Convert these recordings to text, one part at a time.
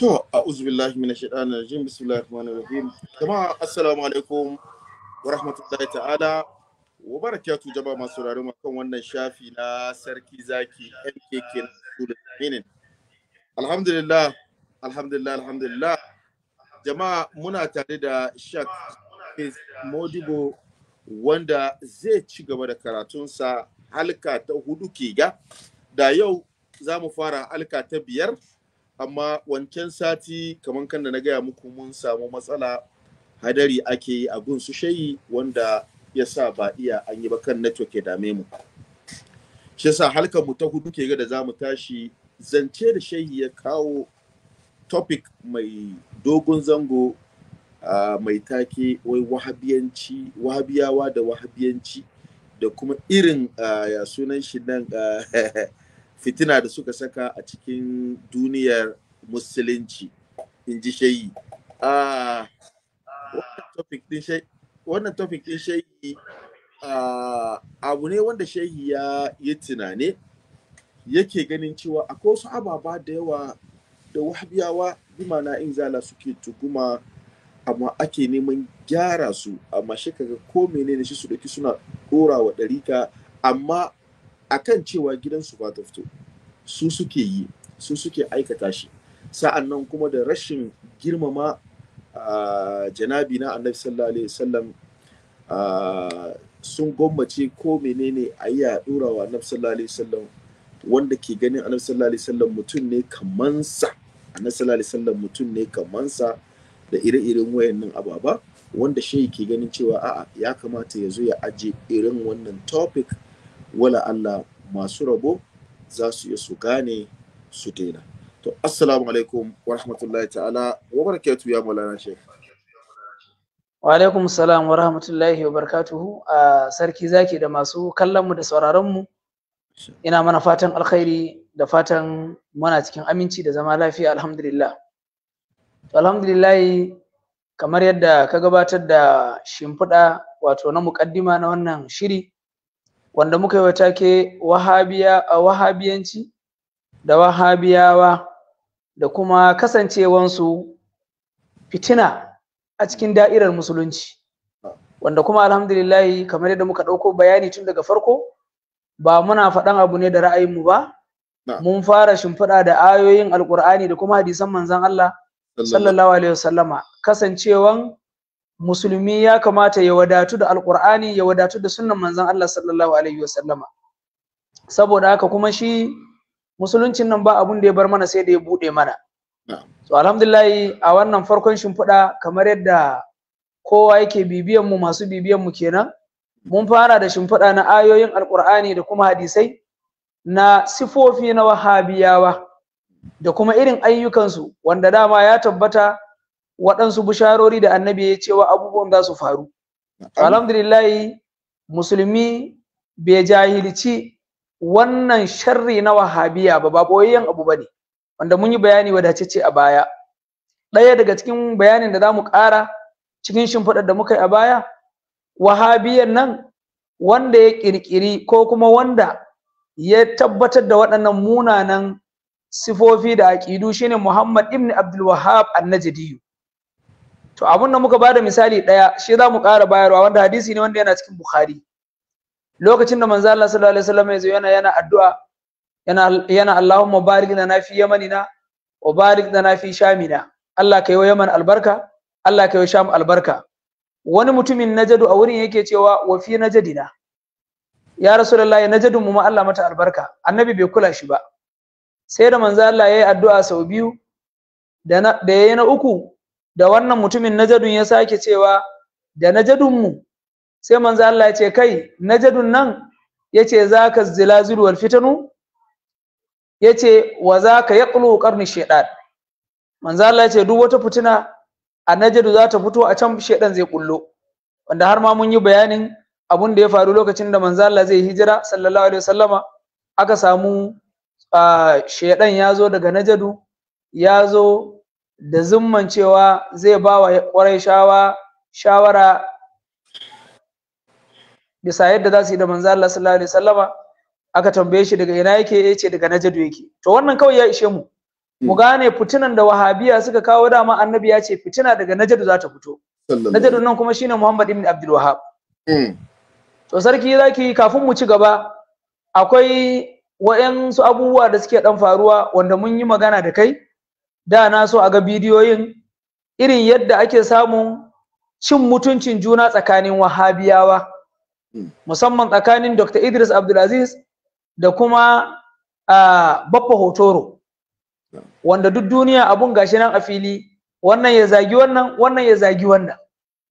To, a uzubillahi mina shaɗanar rajim, bismillahir rahmanir rahim. Jama'a assalamu alaikum wa rahmatullahi ta'ala. Wa tu jama'a masu rarun kan wannan shafi na sarki zaki MKK na Sura Minin. Alhamdulillah, alhamdulillah, alhamdulillah. Jama'a muna tare da Shak Modibo wanda zai ci gaba da karatunsa halka ta hudu ga. Da yau za mu fara halka ta biyar amma wancan sati kamar kan da na gaya muku mun samu matsala hadari ake yi a gun su shayi wanda ya sa ba iya an yi ba kan network ya dame mu shi yasa halkar mu ta hudu ke ga da zamu tashi zance da shayi ya kawo topic mai dogon zango mai take wai wahabiyanci wahabiyawa da wahabiyanci da kuma irin sunan shi nan fitina da suka saka a cikin duniyar musulunci in ji shayi ah, wannan topic din shayi ah, abu ne wanda shayi ya yi tunane yake ganin cewa akwai wasu ababa da yawa da wahabiyawa na in zala suke tuguma amma ake neman gyara su amma shi ko menene shi su ɗauki suna ɗora wa ɗarika amma akan cewa gidansu ba ta fito su suke yi su suke aikata shi sa'an nan kuma da rashin girmama janabi na annabi sallallahu alaihi wasallam sun gwammace ko menene a yi a dora wa annabi sallallahu alaihi wasallam wanda ke ganin annabi sallallahu alaihi wasallam mutum ne kamansa annabi sallallahu alaihi wasallam mutum ne kamansa da ire-iren wayannan ababa wanda shi ke ganin cewa a'a ya kamata ya zo ya aje irin wannan topic wala Allah masu rabo za su iya su gane su daina to assalamu alaikum wa rahmatullahi ta'ala wa barakatu ya maulana shek wa alaikum salam wa rahmatullahi wa barakatuhu a sarki zaki da masu kallon mu da sauraron mu ina mana fatan alkhairi da fatan muna cikin aminci da zama lafiya alhamdulillah to alhamdulillah kamar yadda ka gabatar da shimfiɗa wato na muƙaddima na wannan shiri wanda muka yi watake ke wahabiyanci da wahabiyawa da kuma kasancewansu fitina a cikin da'irar musulunci wanda kuma alhamdulillahi kamar yadda muka ɗauko bayani tun daga farko ba muna faɗan abu ne da ra'ayin mu ba mun fara shimfiɗa da ayoyin alkur'ani da kuma hadisan manzan Allah sallallahu alaihi wasallama kasancewan musulmi ya kamata ya wadatu da alqur'ani ya wadatu da sunnan manzon Allah sallallahu alaihi wasallama saboda haka kuma shi musuluncin nan ba abun da ya bar mana sai da ya bude mana so alhamdulillah a wannan farkon shimfiɗa kamar yadda kowa yake bibiyan mu masu bibiyan mu kenan mun fara da shimfiɗa na ayoyin alqur'ani da kuma hadisai na sifofi na wahabiyawa da kuma irin ayyukansu wanda dama ya tabbata waɗansu bisharori da annabi ya cewa abubuwan za su faru alhamdulillah musulmi bai jahilci wannan sharri na wahabiya ba ba boyayyen abu ne. wanda mun yi bayani wadatacce a baya ɗaya daga cikin bayanin da za mu ƙara cikin shimfiɗar da muka yi a baya wahabiyan nan wanda ya ƙirƙiri ko kuma wanda ya tabbatar da waɗannan munanan sifofi da aƙidu shine Muhammad ibn Abdul Wahab An-Najdi to abun da muka bada misali ɗaya, shi za mu ƙara bayarwa wanda hadisi ne wanda yana cikin bukhari lokacin da manzo Allah sallallahu alaihi wasallam ya zo yana yana addu'a yana yana Allahumma barik lana fi yamanina wa barik lana fi shamina Allah kai wa yaman albarka Allah kai wa sham albarka wani mutumin najadu a wurin yake cewa wa fi najadina ya rasulullahi najadun mu ma Allah mata albarka annabi bai kula shi ba sai da manzo Allah yayi addu'a sau biyu da ya na uku da wannan mutumin najadun ya sake cewa da najadunmu sai manzo Allah ya ce kai najadun nan ya ce za ka zilazilu wal fitanu ya ce wa za ka yaƙulu ƙarni shaiɗan manzo Allah ya ce duk wata fitina a najadu za ta fito a can shaiɗan zai kullo wanda har ma mun yi bayanin abun da ya faru lokacin da manzo Allah zai hijira sallallahu alaihi wasallama aka samu ah, shaiɗan ya zo daga najadu ya zo da zumman cewa zai ba wa ƙwarai shawara bisa yadda za su yi da manzo Allah sallallahu alaihi wasallama aka tambaye shi daga ina yake yace daga najadu yake to wannan kawai ya ishe mu mu gane fitinan da wahabiya suka kawo dama annabi ya ce fitina daga najadu za ta fito najadu nan kuma shine muhammad ibn abdul wahab hmm. to sarki zaki kafin mu ci gaba akwai waɗansu abubuwa da suke dan faruwa wanda mun yi magana da kai da na so a ga bidiyoyin irin yadda ake samun cin mutuncin juna tsakanin wahabiyawa hmm. musamman tsakanin dr idris abdulaziz da kuma uh, hotoro wanda duk duniya abun gashi nan a fili wannan ya zagi wannan wannan ya zagi wannan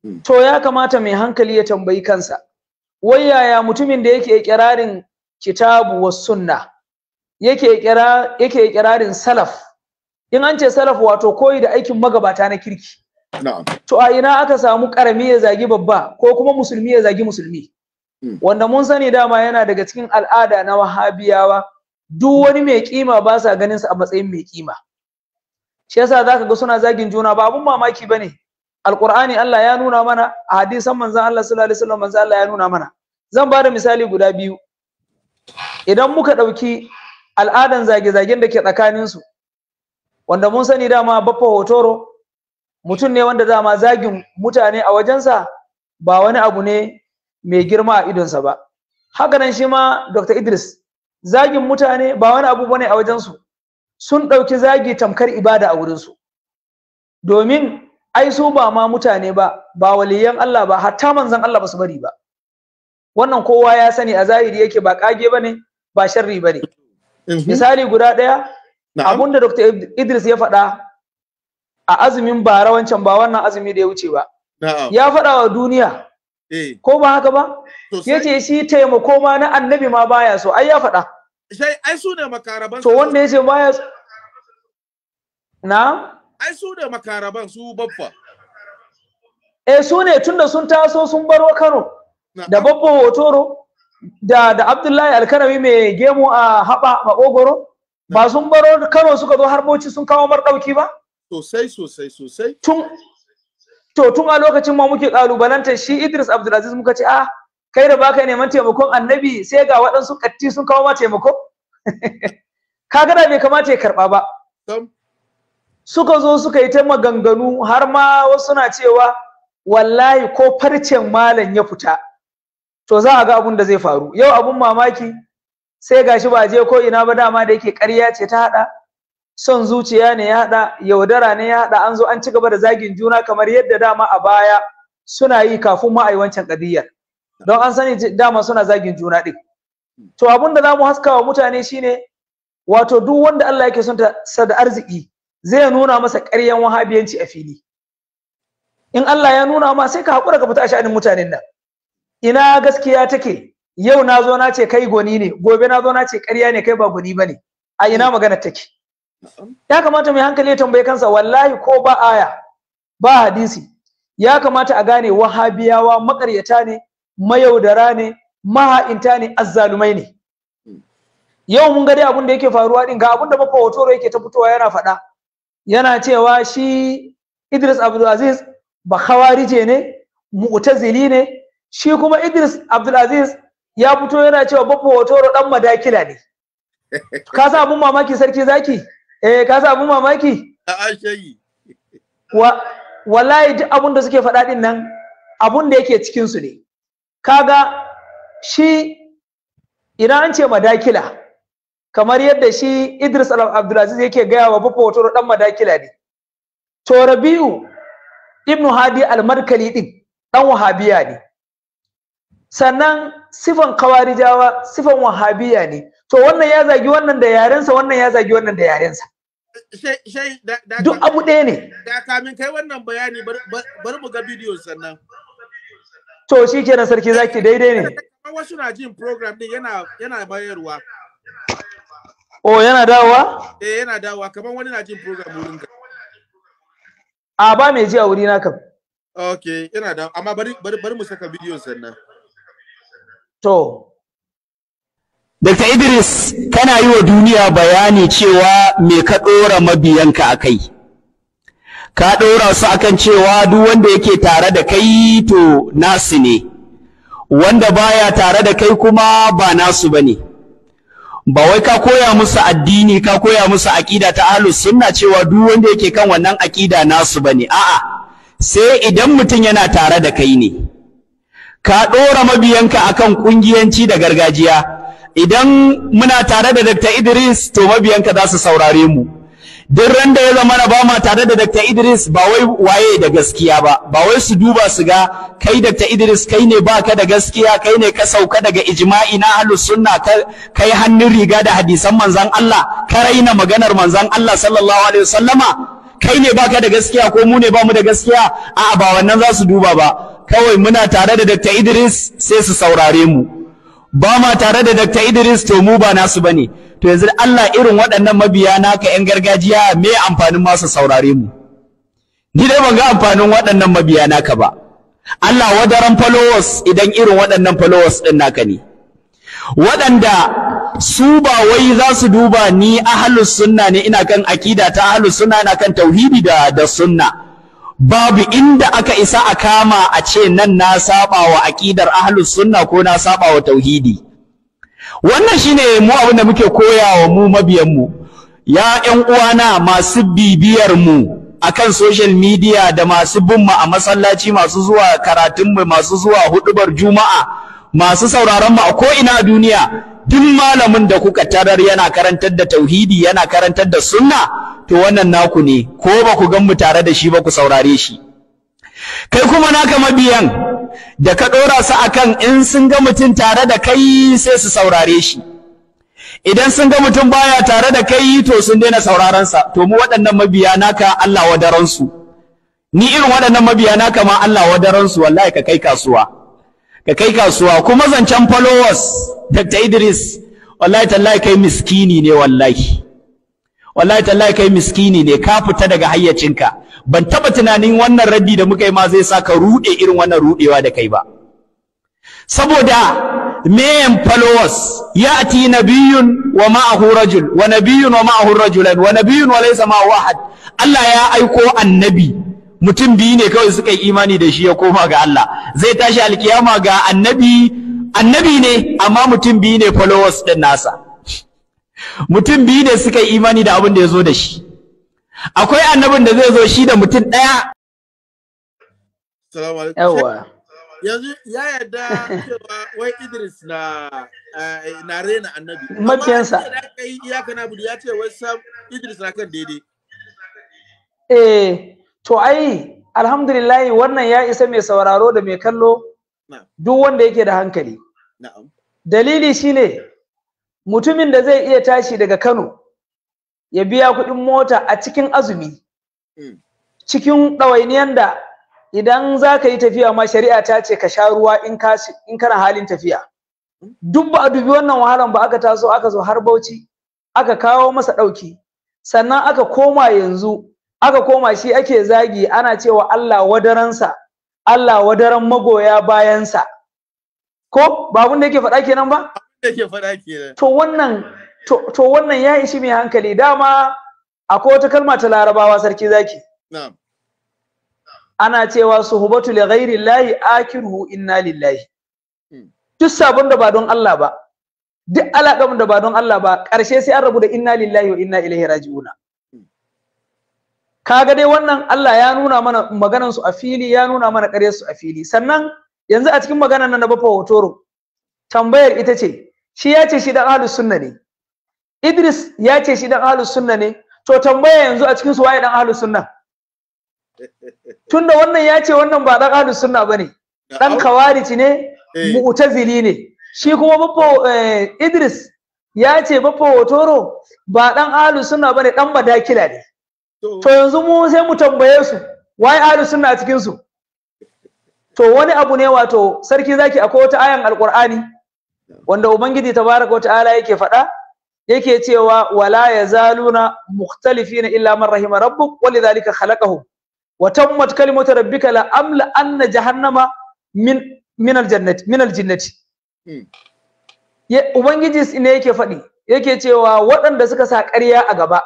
hmm. to ya kamata mai hankali ya tambayi kansa wai yaya mutumin da yake kirarin kitabu was sunna yake yake kirarin salaf in an ce salaf wato koyi da aikin magabata na kirki to a ina aka samu karami ya zagi babba ko kuma musulmi ya zagi musulmi hmm. wanda mun sani dama yana daga cikin al'ada na wahabiyawa duk wani mai kima ba sa ganin sa a matsayin mai kima shi yasa zaka ga suna zagin juna ba abun mamaki bane alqur'ani Allah ya nuna mana a hadisan manzon Allah sallallahu alaihi wasallam manzon Allah ya nuna mana zan ba da misali guda biyu idan muka dauki al'adan zage-zagen da ke tsakaninsu wanda mun sani dama baffa hotoro mutum ne wanda dama zagin mutane a wajensa ba wani abu ne mai girma a idonsa ba haka nan shi ma dr idris zagin mutane ba wani abu bane a wajensu sun ɗauki zagi tamkar ibada a wurinsu domin ai su ba ma mutane ba ba waliyan allah ba hatta manzan allah ba su bari ba wannan kowa ya sani a zahiri yake ba kage ba ne ba sharri ba ne mhm. misali guda ɗaya abun da Dr. Idris ya faɗa a azumin bara wancan ba wannan azumi da ya wuce ba ya faɗa wa duniya eh. ko ba haka ba yace shi taimako ma na annabi ma baya so ai ya faɗa ai su ne makaraban to wanda yace baya na ai su ne makaraban su babba eh su ne tunda sun taso sun baro Kano da babba hotoro da da Abdullahi AlKarami mai gemu a haba Ogoro? ba sun baro Kano suka zo har Bauchi sun kawo mar dauki ba sosai sosai sosai tun to tun a lokacin ma muke kalubalantar shi Idris Abdulaziz muka ce ah kai da baka neman taimakon annabi sai ga waɗansu katti sun kawo ma taimako kaga da bai kamata ya karba ba suka zo suka yi ta maganganu har ma wasu na cewa wallahi ko farcen malam ya fita to za a ga abun da zai faru yau abun mamaki sai gashi ba je ko ina ba dama da yake ƙarya ce ta haɗa son zuciya ne ya haɗa yaudara ne ya haɗa an zo an ci gaba da zagin juna kamar yadda dama a baya suna yi kafin ma a yi wancan ƙadiyar don an sani dama suna zagin juna ɗin to abin da zamu haska wa mutane shine wato duk wanda Allah yake son ta da arziki zai nuna masa ƙaryan wahabiyanci a fili in Allah ya nuna ma sai ka haƙura ka fita a sha'anin mutanen nan ina gaskiya take yau na zo na ce kai goni ne gobe na zo na ce ƙarya ne kai ba goni bane, a ina hmm. magana take ya kamata mai hankali ya tambaye kansa wallahi ko ba aya ba hadisi ya kamata a gane wahabiyawa maƙaryata ne mayaudara ne maha'inta ne azzalumai ne hmm. yau mun ga dai abin da yake faruwa din ga abin da bako hotoro yake ta fitowa yana faɗa yana cewa shi Idris Abdulaziz ba khawarije ne mu'tazili ne shi kuma Idris Abdulaziz ya fito yana cewa babba hotoro dan madakila ne ka sa abun mamaki sarki zaki eh ka sa abun mamaki a shayi wa wallahi duk abun da suke faɗa din nan abun da yake cikin su ne kaga shi idan an ce madakila kamar yadda shi Idris Abdulaziz yake gaya wa babba hotoro dan madakila ne to Rabiu Ibn Hadi al-Markali din dan wahabiya ne sannan sifan kawarijawa sifan wahabiya ne to wannan ya zagi wannan da yarensa wannan ya zagi wannan da yarensa duk abu ɗaya ne da kamin kai wannan bayani bar mu ga bidiyo sannan to shi kenan sarki zaki daidai ne wasu na jin program din yana yana bayarwa oh yana dawowa eh yana dawowa kamar wani na jin program wurin ka a ba mai ji a wuri na kam okay yana da amma bari bari mu saka bidiyon sannan To, Dr. Idris, kana yi wa duniya bayani cewa me ka ɗora mabiyanka a kai. Ka ɗora su kan cewa duk wanda yake tare da kai to nasu ne, wanda baya tare da kai kuma ba nasu ba ne. Ba wai ka koya musu addini, ka koya musu aƙida ta ahlus sunna cewa duk wanda yake kan wannan aƙida nasu ba ne. A'a, sai idan mutum yana tare da kai ne. ka ɗora mabiyanka akan ƙungiyanci da gargajiya idan muna tare da Dr. Idris to mabiyanka za su saurare mu duk ran da ya zama na ba ma tare da Dr. Idris ba wai waye da gaskiya ba ba wai su duba su ga kai Dr. Idris kai ne baka da gaskiya kai ne ka sauka daga ijma'i na halu sunna kai hannun riga da hadisan manzon Allah ka raina maganar manzon Allah sallallahu alaihi wasallama kai ne baka da gaskiya ko mu ne ba mu da gaskiya a'a ba wannan za su duba ba kawai muna tare da Dr. Idris sai su saurare mu ba ma tare da Dr. Idris to mu ba nasu bane to yanzu Allah irin waɗannan mabiya naka ƴan gargajiya me amfanin ma su saurare mu ni dai ban ga amfanin waɗannan mabiya naka ba Allah wadaran followers idan irin waɗannan followers ɗin naka ne waɗanda su ba wai za su duba ni ahlus sunna ne ina kan akida ta ahlus sunna ina kan tauhidi da da sunna babu inda aka isa a kama a ce nan na saba wa aqidar ahlus sunna ko na saba wa tauhidi wannan shine mu abin da muke koyawa mu mabiyan mu ya ƴan uwana masu bibiyar mu akan social media da masu bin mu a masallaci masu zuwa karatun mu masu zuwa hudubar juma'a masu sauraron mu a ko ina duniya duk malamin da kuka tarar yana karantar da tauhidi yana karantar da sunna to wannan naku ne ko ba ku gan mu tare da shi ba ku saurare shi kai kuma naka mabiyan da ka ɗora su akan in sun ga mutum tare da kai sai su saurare shi idan sun ga mutum baya tare da kai to sun daina sauraron sa to mu waɗannan mabiya naka Allah wadaran su ni irin waɗannan mabiya naka ma Allah wadaran su wallahi ka kai kasuwa ka kai kasuwa kuma zancen followers Dr. Idris wallahi tallahi kai miskini ne wallahi wallahi tallahi kai miskini ne ka fita daga hayyacinka ban taba tunanin wannan raddi da muka yi ma zai sa ka rude irin wannan rudewa da kai ba saboda mayan followers ya'ti nabiyun wa ma'ahu rajul wa nabiyun wa ma'ahu rajulan wa nabiyun wa laysa ma'ahu ahad Allah ya aiko annabi mutum biyu ne kawai suka yi imani da shi ya koma ga Allah zai tashi alkiyama ga annabi annabi ne amma mutum biyu ne followers din nasa mutum biyu ne suka yi imani da abin da ya zo da shi akwai annabin da zai zo shi da mutum ɗaya yawa ya yarda cewa wai idris na eh, to ai alhamdulillahi wannan ya isa mai sauraro da mai kallo duk wanda yake da hankali dalili shine mutumin da zai iya tashi daga Kano ya biya kuɗin mota a cikin azumi mm. cikin ɗawainiyan da idan za ka yi tafiya ma shari'a ta ce ka sha ruwa in kana halin tafiya mm. duk ba a dubi wannan wahalan ba aka taso aka zo har bauchi aka kawo masa ɗauki sannan aka koma yanzu aka koma shi ake zagi ana cewa Allah wadaransa Allah wadaran magoya bayansa ko ba abin da yake faɗa kenan ba to wannan to wannan ya ishi mai hankali dama a wata kalma ta larabawa sarki zaki ana cewa su suhubatu li ghairi llahi akiruhu inna lillahi hmm. duk sabon da ba don Allah ba duk alaƙamun da ba don Allah ba ƙarshe sai an rabu da inna lillahi wa inna ilaihi raji'una hmm. kaga dai wannan Allah ya nuna mana maganan su a fili ya nuna mana ƙaryar su a fili sannan yanzu a cikin maganan nan da bafa hotoro tambayar ita ce shi ya ce shi dan ahlus sunna ne Idris ya ce shi dan ahlus sunna ne to tambaya yanzu a cikin su waye dan ahlus sunna tunda wannan ya ce wannan ba dan ahlus sunna bane dan kawarici ne eh. mu'tazili ne shi kuma bafo eh, Idris ya ce bafo wotoro ba dan ahlus sunna bane dan badakila ne to yanzu mu sai mu tambaye su waye ahlus sunna a cikin su to wani abu ne wato sarki zaki akwai wata ayan alqur'ani wanda ubangiji tabaraka wa ta'ala yake faɗa yake cewa wala yazaluna mukhtalifin illa man rahima rabbuk walidhalika khalaqahum wa tammat kalimatu rabbika la amla anna jahannama min min aljannati min aljinnati hmm. ubangiji ne yake faɗi yake cewa waɗanda suka sa ƙarya a gaba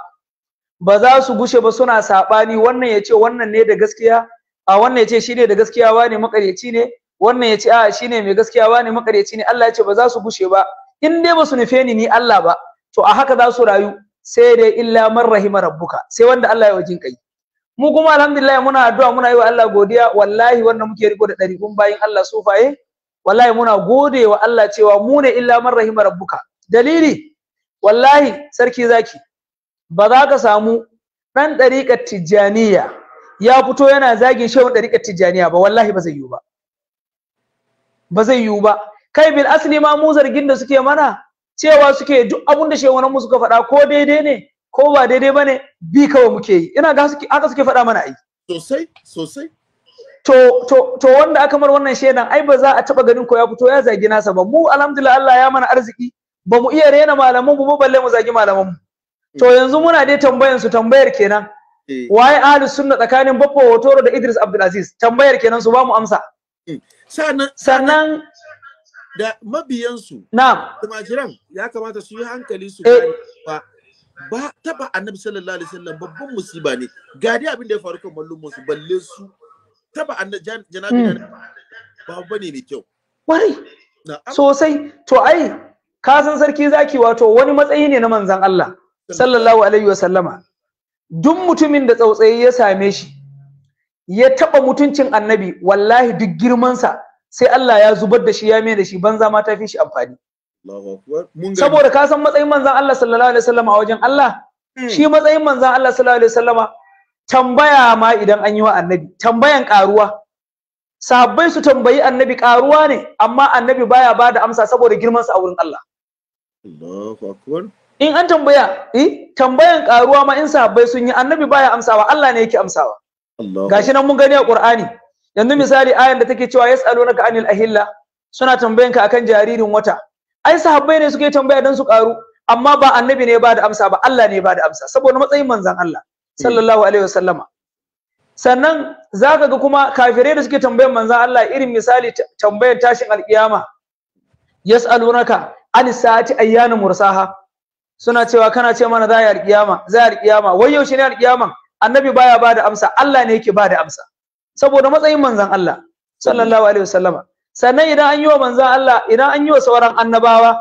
ba za su gushe ba suna saɓani wannan ya ce wannan ne da gaskiya a wannan ya ce shi ne da gaskiya wane makaryaci ne wannan ya ce a shine mai gaskiya wani makaryaci ne Allah ya ce ba za su gushe ba in dai ba su nufe ni ni Allah ba to a haka za su rayu sai dai illa man rahima rabbuka sai wanda Allah ya wajin kai mu kuma alhamdulillah muna addu'a muna yi wa Allah godiya wallahi wannan muke riko da kun bayin Allah faye. wallahi muna gode wa Allah cewa mu ne illa man rahima rabbuka dalili wallahi sarki zaki ba za ka samu ɗan ɗariƙar tijjaniya ya fito yana zagin shehun ɗariƙar tijjaniya ba wallahi ba zai yiwu ba ba zai yiwu ba kai bil asli ma mu zargin da suke mana cewa suke duk abun da shehunan mu suka faɗa ko daidai ne ko ba daidai ba ne bi kawai muke yi ina ga suke aka suke faɗa mana ai sosai sosai to to to wanda aka mar wannan shedan ai ba za a taba ganin ko ya fito ya zagi nasa ba mu alhamdulillah Allah ya mana arziki ba mu iya rena malaman mu ba balle mu zagi malaman mu to hmm. yanzu muna dai tambayan su tambayar kenan eh. waye ahlus sunna tsakanin babba hotoro da Idris Abdulaziz tambayar kenan su ba mu amsa hmm. sannan da mabiyansu na'am tumajiran ya kamata su yi hankali su eh. ba ba taba annabi sallallahu alaihi wasallam babban musiba ne ga dai abin da ya faru kan mallumman su balle su taba annabi janabi hmm. ba ne mai kyau wai sosai to ai ka san sarki zaki wato wani matsayi ne na manzon Allah sallallahu alaihi wasallama duk mutumin da tsautsayi ya same shi ya taba mutuncin annabi wallahi duk girmansa sai Allah ya zubar da shi ya mai da shi banza ma ta fi shi amfani saboda ka san matsayin manzan Allah sallallahu alaihi wasallam a wajen Allah hmm. shi matsayin manzan Allah sallallahu alaihi wasallam tambaya ma idan an yi wa annabi tambayan karuwa sahabbai su tambayi annabi karuwa ne amma annabi baya ba da amsa saboda girmansa a wurin Allah Allahu akbar in an tambaya eh tambayan karuwa ma in sahabbai sun yi annabi baya amsawa Allah ne yake amsawa gashi nan mun gani a Qur'ani yanzu misali ayan da take cewa yas'alunaka anil ahilla suna tambayanka akan jaririn wata ai sahabbai ne suke tambaya dan su karu amma ba annabi ne ba da amsa ba Allah ne ba da amsa saboda matsayin manzon Allah hmm. sallallahu alaihi wasallama sannan zaka ga kuma kafirai da suke tambayan manzon Allah irin misali tambayan tashin alkiyama yas'alunaka an sa'ati ayyana mursaha suna cewa kana ce mana za a yi alkiyama za alkiyama wai yaushe ne alkiyaman annabi baya bada amsa Allah ne yake bada amsa saboda matsayin manzon Allah sallallahu alaihi wasallama sannan idan an yi wa manzon Allah idan an yi wa sauran annabawa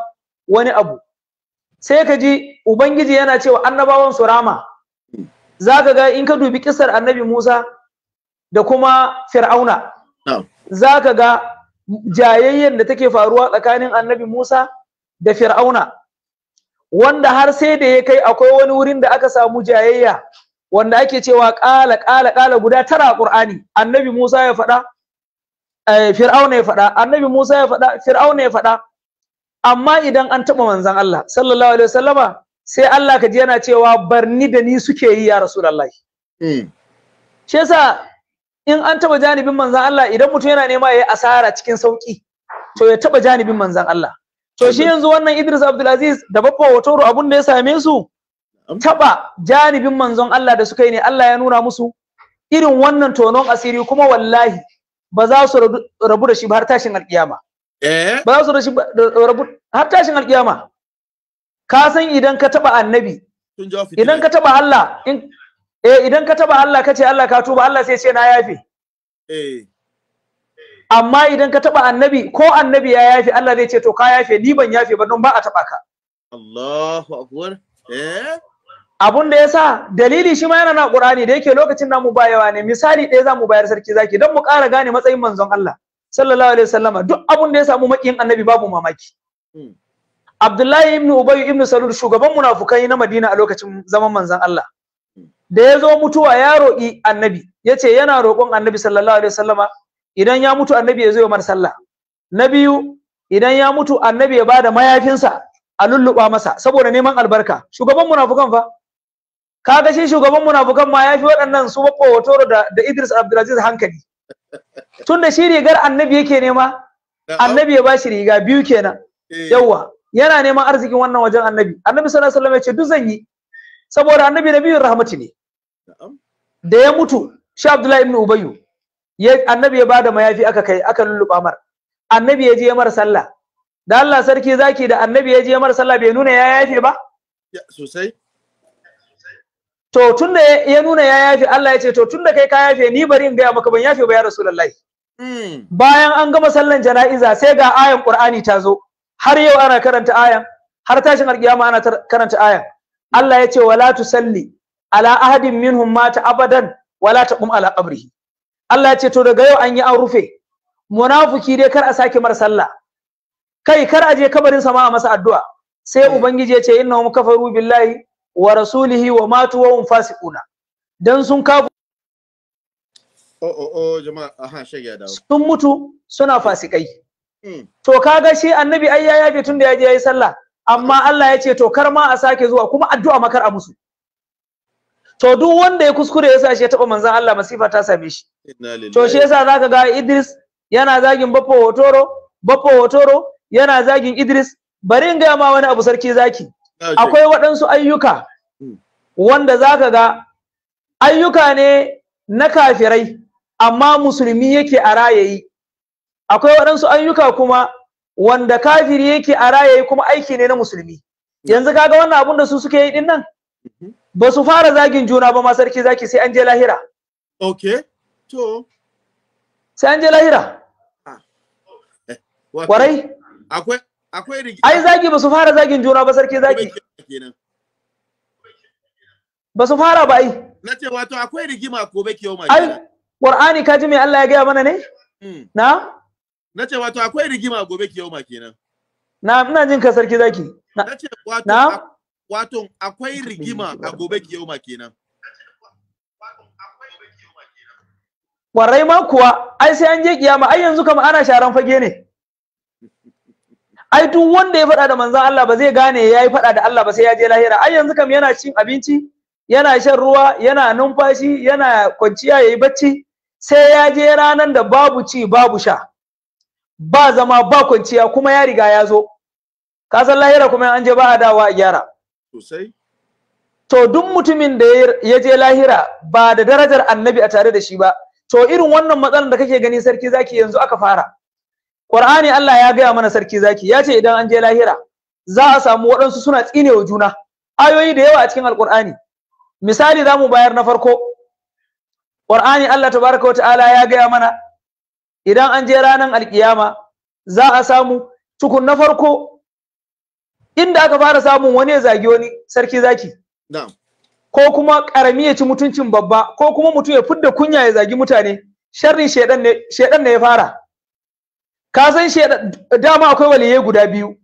wani abu sai ka ji ubangiji yana cewa annabawan su rama za ga in ka dubi kisar annabi Musa da kuma Fir'auna zaka ga jayayyen da take faruwa tsakanin annabi Musa da Fir'auna wanda har sai da ya kai akwai wani wurin da aka samu jayayya wanda ake cewa ƙala ƙala ƙala guda tara a Qur'ani annabi Musa ya faɗa eh, Fir'auna ya faɗa annabi Musa ya faɗa Fir'auna ya faɗa amma idan an taɓa manzon Allah sallallahu alaihi wasallama sai Allah ka ji yana cewa barni da ni suke yi ya Rasulullahi eh. shi yasa in an taɓa janibin manzon Allah idan mutum yana nema ya yi asara cikin sauƙi, to ya taɓa janibin manzon Allah to shi yanzu wannan Idris Abdulaziz da babba Hotoro abun da ya same su taba janibin manzon Allah da suka yi ne Allah ya nuna musu irin wannan tonon asiri kuma wallahi ba za su rabu da shi ba har tashin alkiyama eh? ba za su rabu har tashin alkiyama ka san idan ka taba annabi idan ka taba Allah eh idan ka taba Allah kace Allah ka tuba Allah sai ce na yafe eh. amma idan ka taba annabi ko annabi ya yafe Allah zai ce to ka yafe ni ban yafe ba don ba a taba ka Allahu akbar eh abun da yasa dalili shi ma yana na Qur'ani da yake lokacin namu ba yawa ne misali ɗaya zamu bayar sarki zaki don mu ƙara gane matsayin manzon Allah sallallahu alaihi wasallama duk abun da ya samu makiyin annabi babu mamaki hmm. Abdullahi ibn Ubay ibn Salul shugaban munafukai na Madina a lokacin zaman manzon Allah hmm. da ya zo mutuwa ya roƙi annabi ya ce yana roƙon annabi sallallahu alaihi wasallama idan ya mutu annabi ya zo ya sallah na biyu idan ya mutu annabi ya bada mayafinsa a lulluɓa masa saboda neman albarka shugaban munafukan fa kaga shi shugaban munafukan ma yafi waɗannan su babba hotoro da, da Idris Abdulaziz hankali tunda shi rigar annabi yake nema annabi ya bashi riga biyu kenan eh. yawa yana neman arzikin wannan wajen annabi annabi sallallahu alaihi wasallam ya ce duk zan yi saboda annabi biyun rahmatu ne da ya mutu shi Abdullahi ibn Ubayyu annabi ya bada mayafi aka kai aka lulluɓa mar annabi ya je mar sallah da Allah sarki zaki da annabi ya je mar sallah bai nuna ya yafe ba sosai to tunda ya nuna ya yafe Allah ya ce to tunda kai ka yafe ni bari in gaya maka ban yafe ba ya rasulullahi hmm. bayan an gama sallan jana'iza sai ga ayan qur'ani ta zo har yau ana karanta ayan har tashin alkiyama ana karanta ayan Allah ya ce wala tusalli ala ahadin minhum mata abadan wala taqum ala qabrihi Allah ya ce to daga yau an yi an rufe munafiki dai kar a sake mar sallah kai kar a je kabarin sama a masa addu'a sai hmm. ubangiji ya ce innahum kafaru billahi wa rasulihi wa matu wa hum fasiquna dan sun kafu oh oh oh jama'a aha shege sun mutu suna fasikai hmm. to kaga shi annabi ai ya yafe tunda ya yayi sallah amma Allah ya ce to kar ma a sake zuwa kuma addu'a makar a musu to duk wanda ya kuskure ya shi ya taba manzon Allah masifa ta same shi to shi yasa zaka ga Idris yana zagin Bappo Hotoro Bappo Hotoro yana zagin Idris bari in gaya ma wani abu sarki zaki akwai waɗansu ayyuka hmm. wanda za ka ga ayyuka ne na kafirai amma musulmi yake a rayayi akwai waɗansu ayyuka kuma wanda kafiri yake a rayayi kuma aiki ne na musulmi hmm. yanzu kaga wannan abun da su suke yi din nan mm-hmm. ba su fara zagin juna ba ma sarki zaki sai an je lahira okay to sai an je lahira ah. eh, kwarai akwai ai zagi ba su fara zagin juna ba sarki zagi ba su fara ba ai na ce wato akwai rigima ko bai kiyo ma ai qur'ani ka ji me Allah ya gaya mana ne hmm. na na ce wato akwai rigima gobe kiyo ma kenan na ina jin ka sarki zagi na ce wato wato akwai rigima a gobe kiyo ma kenan Warai ma kuwa, ai sai an je kiyama, ai yanzu kama ana sharan fage ne. ai duk wanda ya faɗa da manzon Allah ba zai gane ya yi faɗa da Allah ba sai ya je lahira ai yanzu kam yana cin abinci yana shan ruwa yana numfashi yana kwanciya yayi bacci sai ya je ranan da babu ci babu sha ba zama ba kwanciya kuma ya riga ya zo ka san lahira kuma an je ba a dawa a gyara sosai to duk mutumin da ya je lahira ba da darajar annabi a tare da shi ba to irin wannan matsalar da kake gani sarki zaki yanzu aka fara Qur'ani Allah ya gaya mana sarki zaki ya ce idan an je lahira za a samu waɗansu suna tsinewa juna ayoyi da yawa a cikin alƙur'ani misali za mu bayar na farko Qur'ani Allah tabaraka wa ta'ala ya gaya mana idan an je ranar alkiyama za a samu tukun na farko inda aka fara samun wani ya zagi wani sarki zaki ko kuma karami ya ci mutuncin babba ko kuma mutum ya fudda kunya ya zagi mutane sharrin shedan ne ya fara ka san shi dama akwai waliyai guda biyu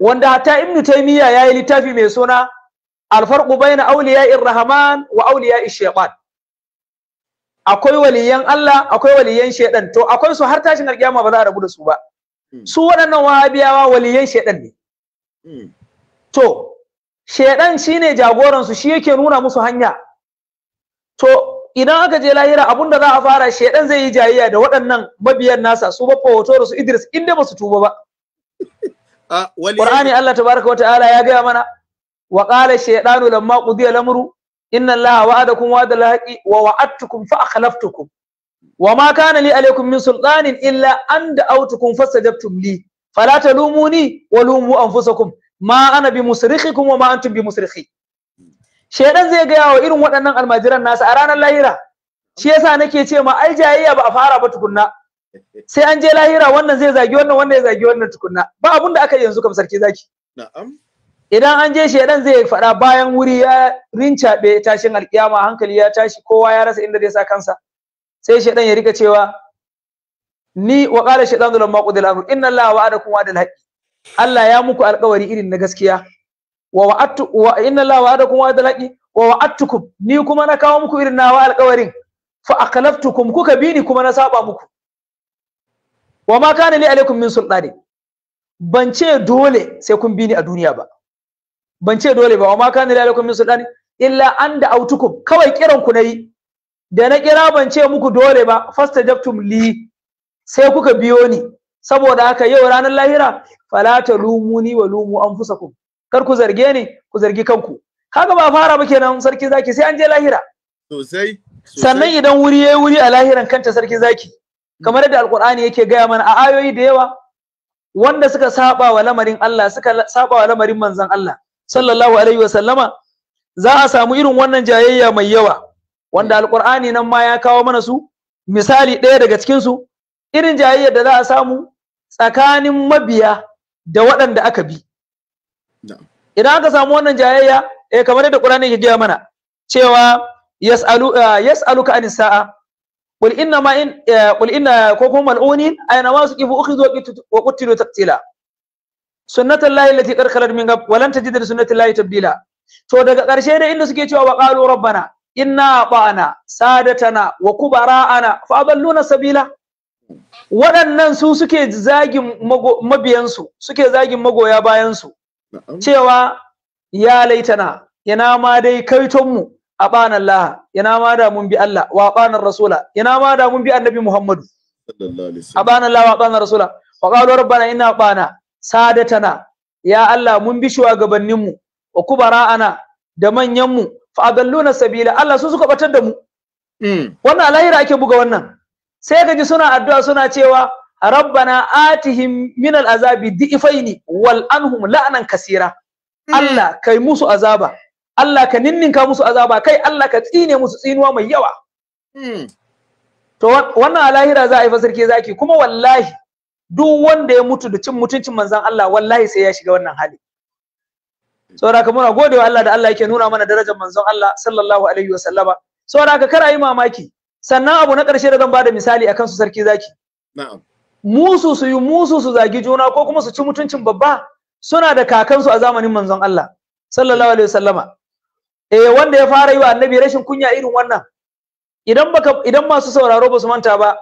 wanda hatta ibnu taymiya yayi littafi mai suna alfarqu baina awliya'ir rahman wa awliya'ish shaytan akwai waliyan Allah akwai waliyan shaytan to akwai su har tashin alkiyama ba za a rabu da su ba hmm. su waɗannan wahabiyawa waliyan shaytan ne hmm. to shaytan shine jagoran su shi yake nuna musu hanya to idan aka je lahira abun da za a fara shedan zai yi jayayya da waɗannan mabiyan nasa su babba hoto da su Idris inda ba su tuba ba Qur'ani Allah tabaraka wa ta'ala ya gaya mana wa qala shaytanu lamma qudiya lamru inna Allah wa'adakum wa'da al wa wa'adtukum fa akhlaftukum wa ma kana li alaykum min sultanin illa an da'awtukum fastajabtum li fala talumuni wa lumu anfusakum ma ana bi musrikhikum wa ma antum bi musrikhi shedan zai gaya wa irin waɗannan almajiran nasa a ranar lahira shi yasa nake ce ma ai jayayya ba a fara ba tukunna sai an je lahira wannan zai zagi wannan wannan ya zagi wannan tukunna ba abun da aka yi yanzu kam sarki zaki na'am idan an je shedan zai faɗa bayan wuri ya rinca be tashin alkiyama hankali ya tashi kowa ya rasa inda zai sa kansa sai shedan ya rika cewa ni wa qala shaytanu lamma qudil amru inna allaha wa'adakum wa'dal haqq Allah ya muku alkawari irin na gaskiya wa wa'attu wa inna la wa'adakum wa'ada laqi wa wa'attukum ni kuma na kawo muku irin nawa alƙawarin fa akhlaftukum kuka bi ni kuma na saba muku wa ma kana li alaikum min sultani ban ce dole sai kun bi ni a duniya ba ban ce dole ba wa ma kana li alaikum min sultani illa an da autukum kawai kiran ku nayi da na kira ban ce muku dole ba fastajabtum li sai kuka biyo ni saboda haka yau ranar lahira fala talumuni wa lumu anfusakum kar ku zarge ni ku zargi kanku kaga ba fara ba kenan sarki zaki sai an je lahira sosai sannan idan wuri yayi wuri a lahiran kanta sarki zaki mm. kamar yadda alqur'ani yake gaya mana a ayoyi da yawa wanda suka saba wa lamarin Allah suka saba wa lamarin manzon Allah sallallahu alaihi wa sallama za a samu irin wannan jayayya mai yawa wanda alqur'ani nan ma ya kawo mana su misali ɗaya daga cikin su irin jayayyar da za a samu tsakanin mabiya da waɗanda aka bi idan aka samu wannan jayayya eh kamar yadda Qur'ani ke gaya mana cewa yas'alu eh, yas'aluka anis sa'a qul inna ma in eh, qul inna ko kuma mal'uni ayna ma kifu ukhidhu wa qutilu taqtila sunnatullahi allati qad min qabl wa lan tajid li sunnatillahi tabdila to daga ƙarshe da inda suke cewa wa qalu rabbana inna ba'ana sadatana wa kubara'ana fa adalluna sabila waɗannan su suke zagin mabiyansu suke zagin magoya bayansu cewa ya laitana yana ma dai kaitonmu a ɓanan laha yana ma da mun bi Allah wa ɓanan rasula yana ma da mun bi annabi Muhammadu a ɓanan laha wa ɓanan rasula wa ƙalo rabbana ina bana sadatana ya Allah mun bi shugabanninmu wa ana da manyanmu fa adalluna sabila Allah su suka batar da mu mm. wannan alahira ake buga wannan sai ka ji suna addu'a suna cewa rabbana atihim min al'azabi di'ifaini wal anhum la'anan kasira hmm. Allah kai musu azaba Allah ka ninninka musu azaba kai Allah ka tsine musu tsinuwa mai yawa hmm. to wannan alahira za a yi fa sarki zaki kuma wallahi duk wanda ya mutu da cin mutuncin manzon Allah wallahi sai ya shiga wannan hali saboda ka muna gode wa Allah da Allah yake nuna mana darajar manzon Allah sallallahu alaihi wa sallama saboda ka kar a yi mamaki sannan abu na ƙarshe da zan da misali akan su sarki zaki na'am musu su yi musu su zagi juna ko kuma su ci mutuncin babba suna da kakansu a zamanin manzon Allah sallallahu alaihi wasallama eh wanda ya fara yi wa annabi rashin kunya irin wannan idan baka idan masu sauraro ba su manta ba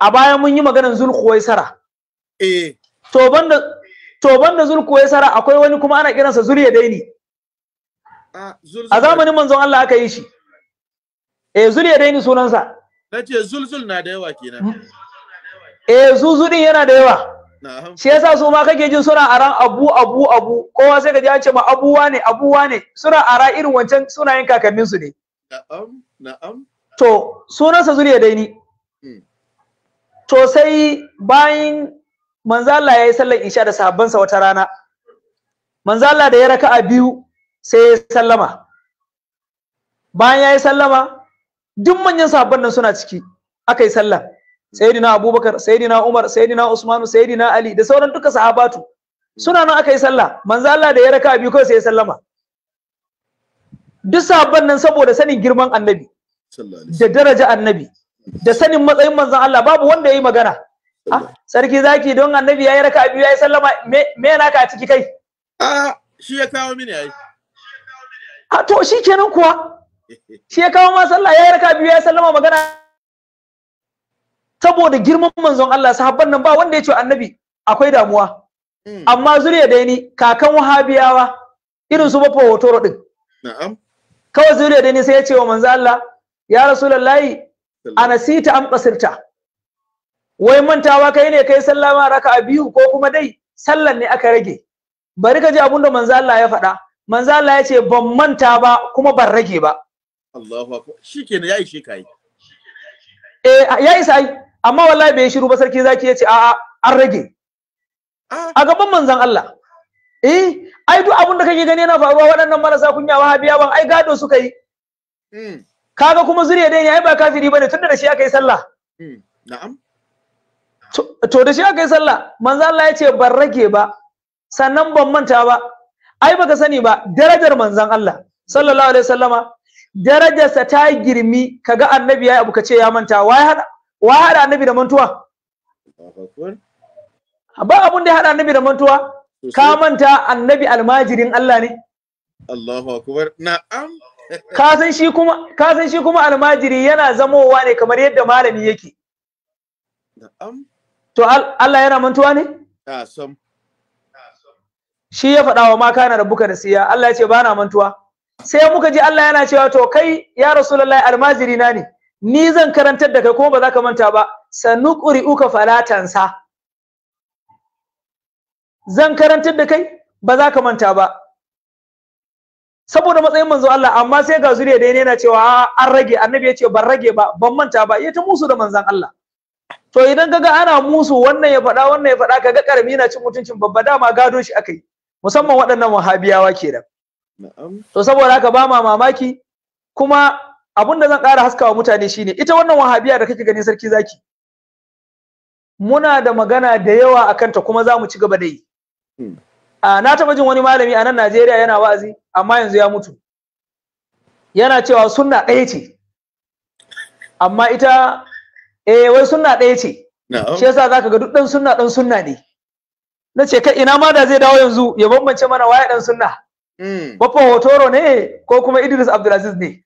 a baya mun yi maganar zulkuwaisara eh to banda to banda zulkuwaisara akwai wani kuma ana kiransa zuriya daini a zamanin manzon Allah aka yi shi eh zuriya daini sunansa nace zulzul na da yawa kenan hmm. eh ɗin yana da yawa shi yasa su ma kake jin suna aran abu abu abu kowa sai ka ji an ce ma abuwa ne abuwa ne suna ara irin wancan sunayen kakannin su ne na'am na'am to sunansa zuriya dai ni hmm. to sai bayan manzo Allah yayi sallar isha da sa wata rana manzo Allah da ya raka a biyu sai ya sallama bayan yayi sallama duk manyan sahabban nan suna ciki aka yi sallah sayyidina abubakar sayyidina umar sayyidina usman sayyidina ali da sauran duka sahabatu suna nan aka yi sallah manzo Allah da ya raka biyu kawai sai ya sallama duk sahabban nan saboda sanin girman annabi da daraja annabi da sanin matsayin manzon Allah babu wanda yayi magana ah, sarki zaki don annabi yayi raka biyu yayi sallama me me naka a ciki kai a shi ya kawo mini ai a ah, to shikenan kuwa shi ya kawo ma sallah yayi raka biyu yayi sallama magana saboda girman manzon Allah sahabban nan ba wanda ya ce annabi akwai damuwa hmm. amma zuriya da ni kakan wahabiyawa irin su bafa hotoro din na'am kawai zuriya da ni sai ya ce wa manzon Allah ya rasulullahi sita am qasirta wai mantawa kai ne kai sallama raka'a biyu ko kuma dai sallan ne aka rage bari ka ji abin da manzon Allah ya faɗa manzon Allah ya ce ban manta ba kuma ban rage ba Allahu akbar shikenan ya ishe eh ya isa amma wallahi bai shiru ba sarki zaki yace a'a an rage ah. a gaban manzon Allah eh ai duk abin da kake gani yana faruwa waɗannan marasa kunya ban ai gado suka yi hmm. kaga kuma zuriya dai ai ba kafiri bane tunda da shi aka yi sallah hmm. na'am to da shi aka yi sallah manzon Allah yace ban rage ba sannan ban manta ba ai baka sani ba darajar manzon Allah sallallahu alaihi wasallama darajarsa ta girmi kaga annabi ya abu kace ya manta wai hada wa hada annabi da mantuwa ba abun da ya hada annabi da mantuwa ka manta annabi almajirin Allah ne Allahu akbar na'am ka san shi kuma ka san shi kuma almajiri yana zamowa ne kamar yadda malami yake na'am to Allah yana mantuwa ne a ah, sam shi ya faɗa wa maka na rabbuka da siya Allah ya ce ba na mantuwa sai muka ji Allah yana cewa to kai ya rasulullahi almajiri na ne ni zan karantar da kai kuma ba za ka manta ba sannu ƙuri'uka falatansa zan karantar da kai ba za ka manta ba saboda matsayin manzo Allah amma sai ga zuriya da yana cewa an rage annabi ya ce ban rage ba ban manta ba ya ta musu da manzan Allah to idan kaga ana musu wannan ya faɗa wannan ya faɗa kaga karami na cin mutuncin babba dama gado shi akai musamman waɗannan wahabiyawa kenan to saboda haka ba ma mamaki kuma abun da zan ƙara haskawa mutane shine ita wannan wahabiya da kake gani sarki zaki muna da magana da yawa akan ta kuma za mu ci gaba da yi hmm. a na taɓa jin wani malami a nan Najeriya yana wa'azi amma yanzu ya mutu yana cewa sunna ɗaya ce amma ita eh wai sunna ɗaya ce shi yasa zaka ga duk ɗan sunna ɗan sunna ne na ce kai ina ma da zai dawo yanzu ya bambance mana waye ɗan sunna hmm. Baffa Hotoro ne ko kuma Idris Abdulaziz ne.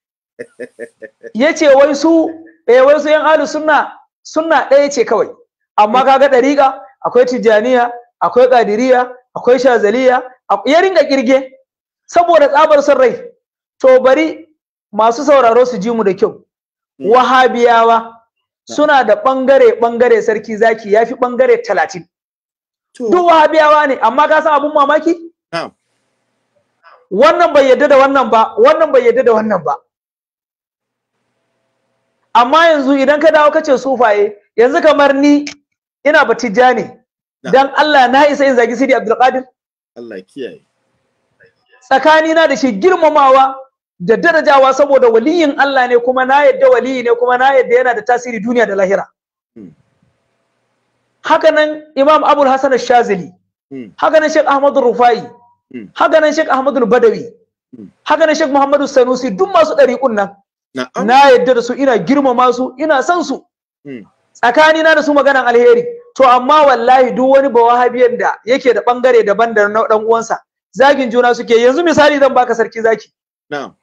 ya ce wai su eh wai su yan ahlu sunna sunna ɗaya ce kawai amma kaga ɗariƙa akwai tijaniya akwai qadiriya akwai shazaliya ya ringa kirge saboda tsabar son rai to bari masu sauraro su ji mu da kyau hmm. wahabiyawa suna da ɓangare ɓangare sarki zaki ya fi ɓangare talatin duk wahabiyawa ne amma ka san abun mamaki wannan bai yadda da wannan ba wannan bai yadda da wannan ba amma yanzu idan ka dawo kace sufaye yanzu kamar ni ina batija ne dan Allah na isa in zagi Sidi Qadir Allah kiyaye tsakani na da shi girmamawa da darajawa saboda waliyin Allah ne kuma na yadda waliyi ne kuma na yadda yana da tasiri duniya da lahira hmm. Hakanan Imam abu Hasan Shazili hmm. haka nan Sheikh Ahmadu Rufai hmm. hakanan nan Sheikh Ahmadu Badawi hakanan nan Sheikh Muhammadu Sanusi duk masu ɗari'un nan na yadda da su ina girmama su ina son su hmm. tsakani na da su maganan alheri to amma wallahi duk wani wahabiyan da yake da bangare daban da na dan uwansa zagin juna suke yanzu misali zan baka sarki zaki na'am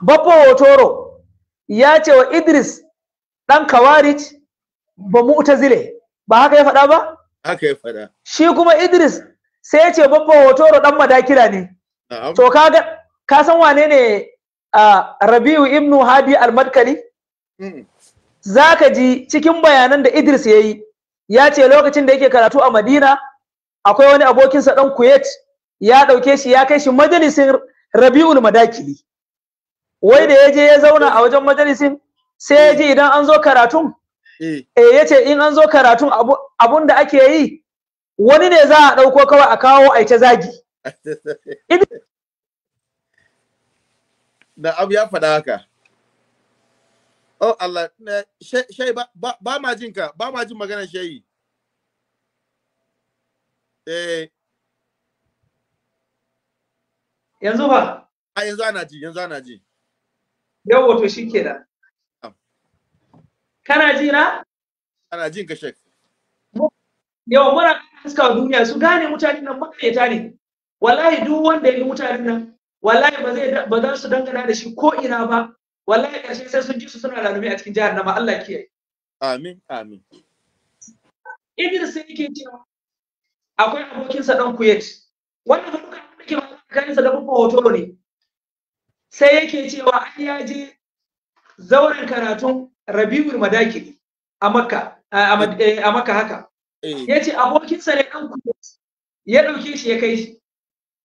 Bappo ya ce wa Idris dan Kawarij ba mu'tazile ba haka ya faɗa ba haka ya faɗa shi kuma Idris sai ya ce Bappo Otoro dan madakira ne to kaga ka san wane ne Rabi'u ibn Hadi al-Madkali hmm. zaka ji cikin bayanan da Idris ya yi ya ce lokacin da yake karatu a Madina akwai wani abokinsa dan Kuwait ya dauke shi ya kai shi majalisin Rabi'ul Madakili wai da yaje ya zauna a wajen majalisin sai ya ji idan an zo karatun eh, eh ya ce in an zo karatun abun da ake yi wani ne za a ɗauko kawai a kawo a ta zagi da abu ya faɗa haka oh Allah shai ba ma jin ka ba ma jin magana shayi eh yanzu ba a yanzu ana ji yanzu ana ji yau wato shi ke da kana ji na ana jin ka shek yau muna haska duniya su gane mutane nan makaryata ne wallahi duk wanda ya yi mutanen nan wallahi ba zai ba za su dangana da shi ko ina ba wallahi karshe sai sun ji su suna lalumi a cikin jihar nama Allah ke amin amin Idan sai yake cewa akwai abokin sa dan kuyet wannan ba duka yake ba kai sa da babban hoto ne sai yake cewa ai ya je zauren karatun Rabiul madaki a Makka a eh, Makka haka eh. yace abokin sa ne dan Kuwait ya dauke shi ya kai shi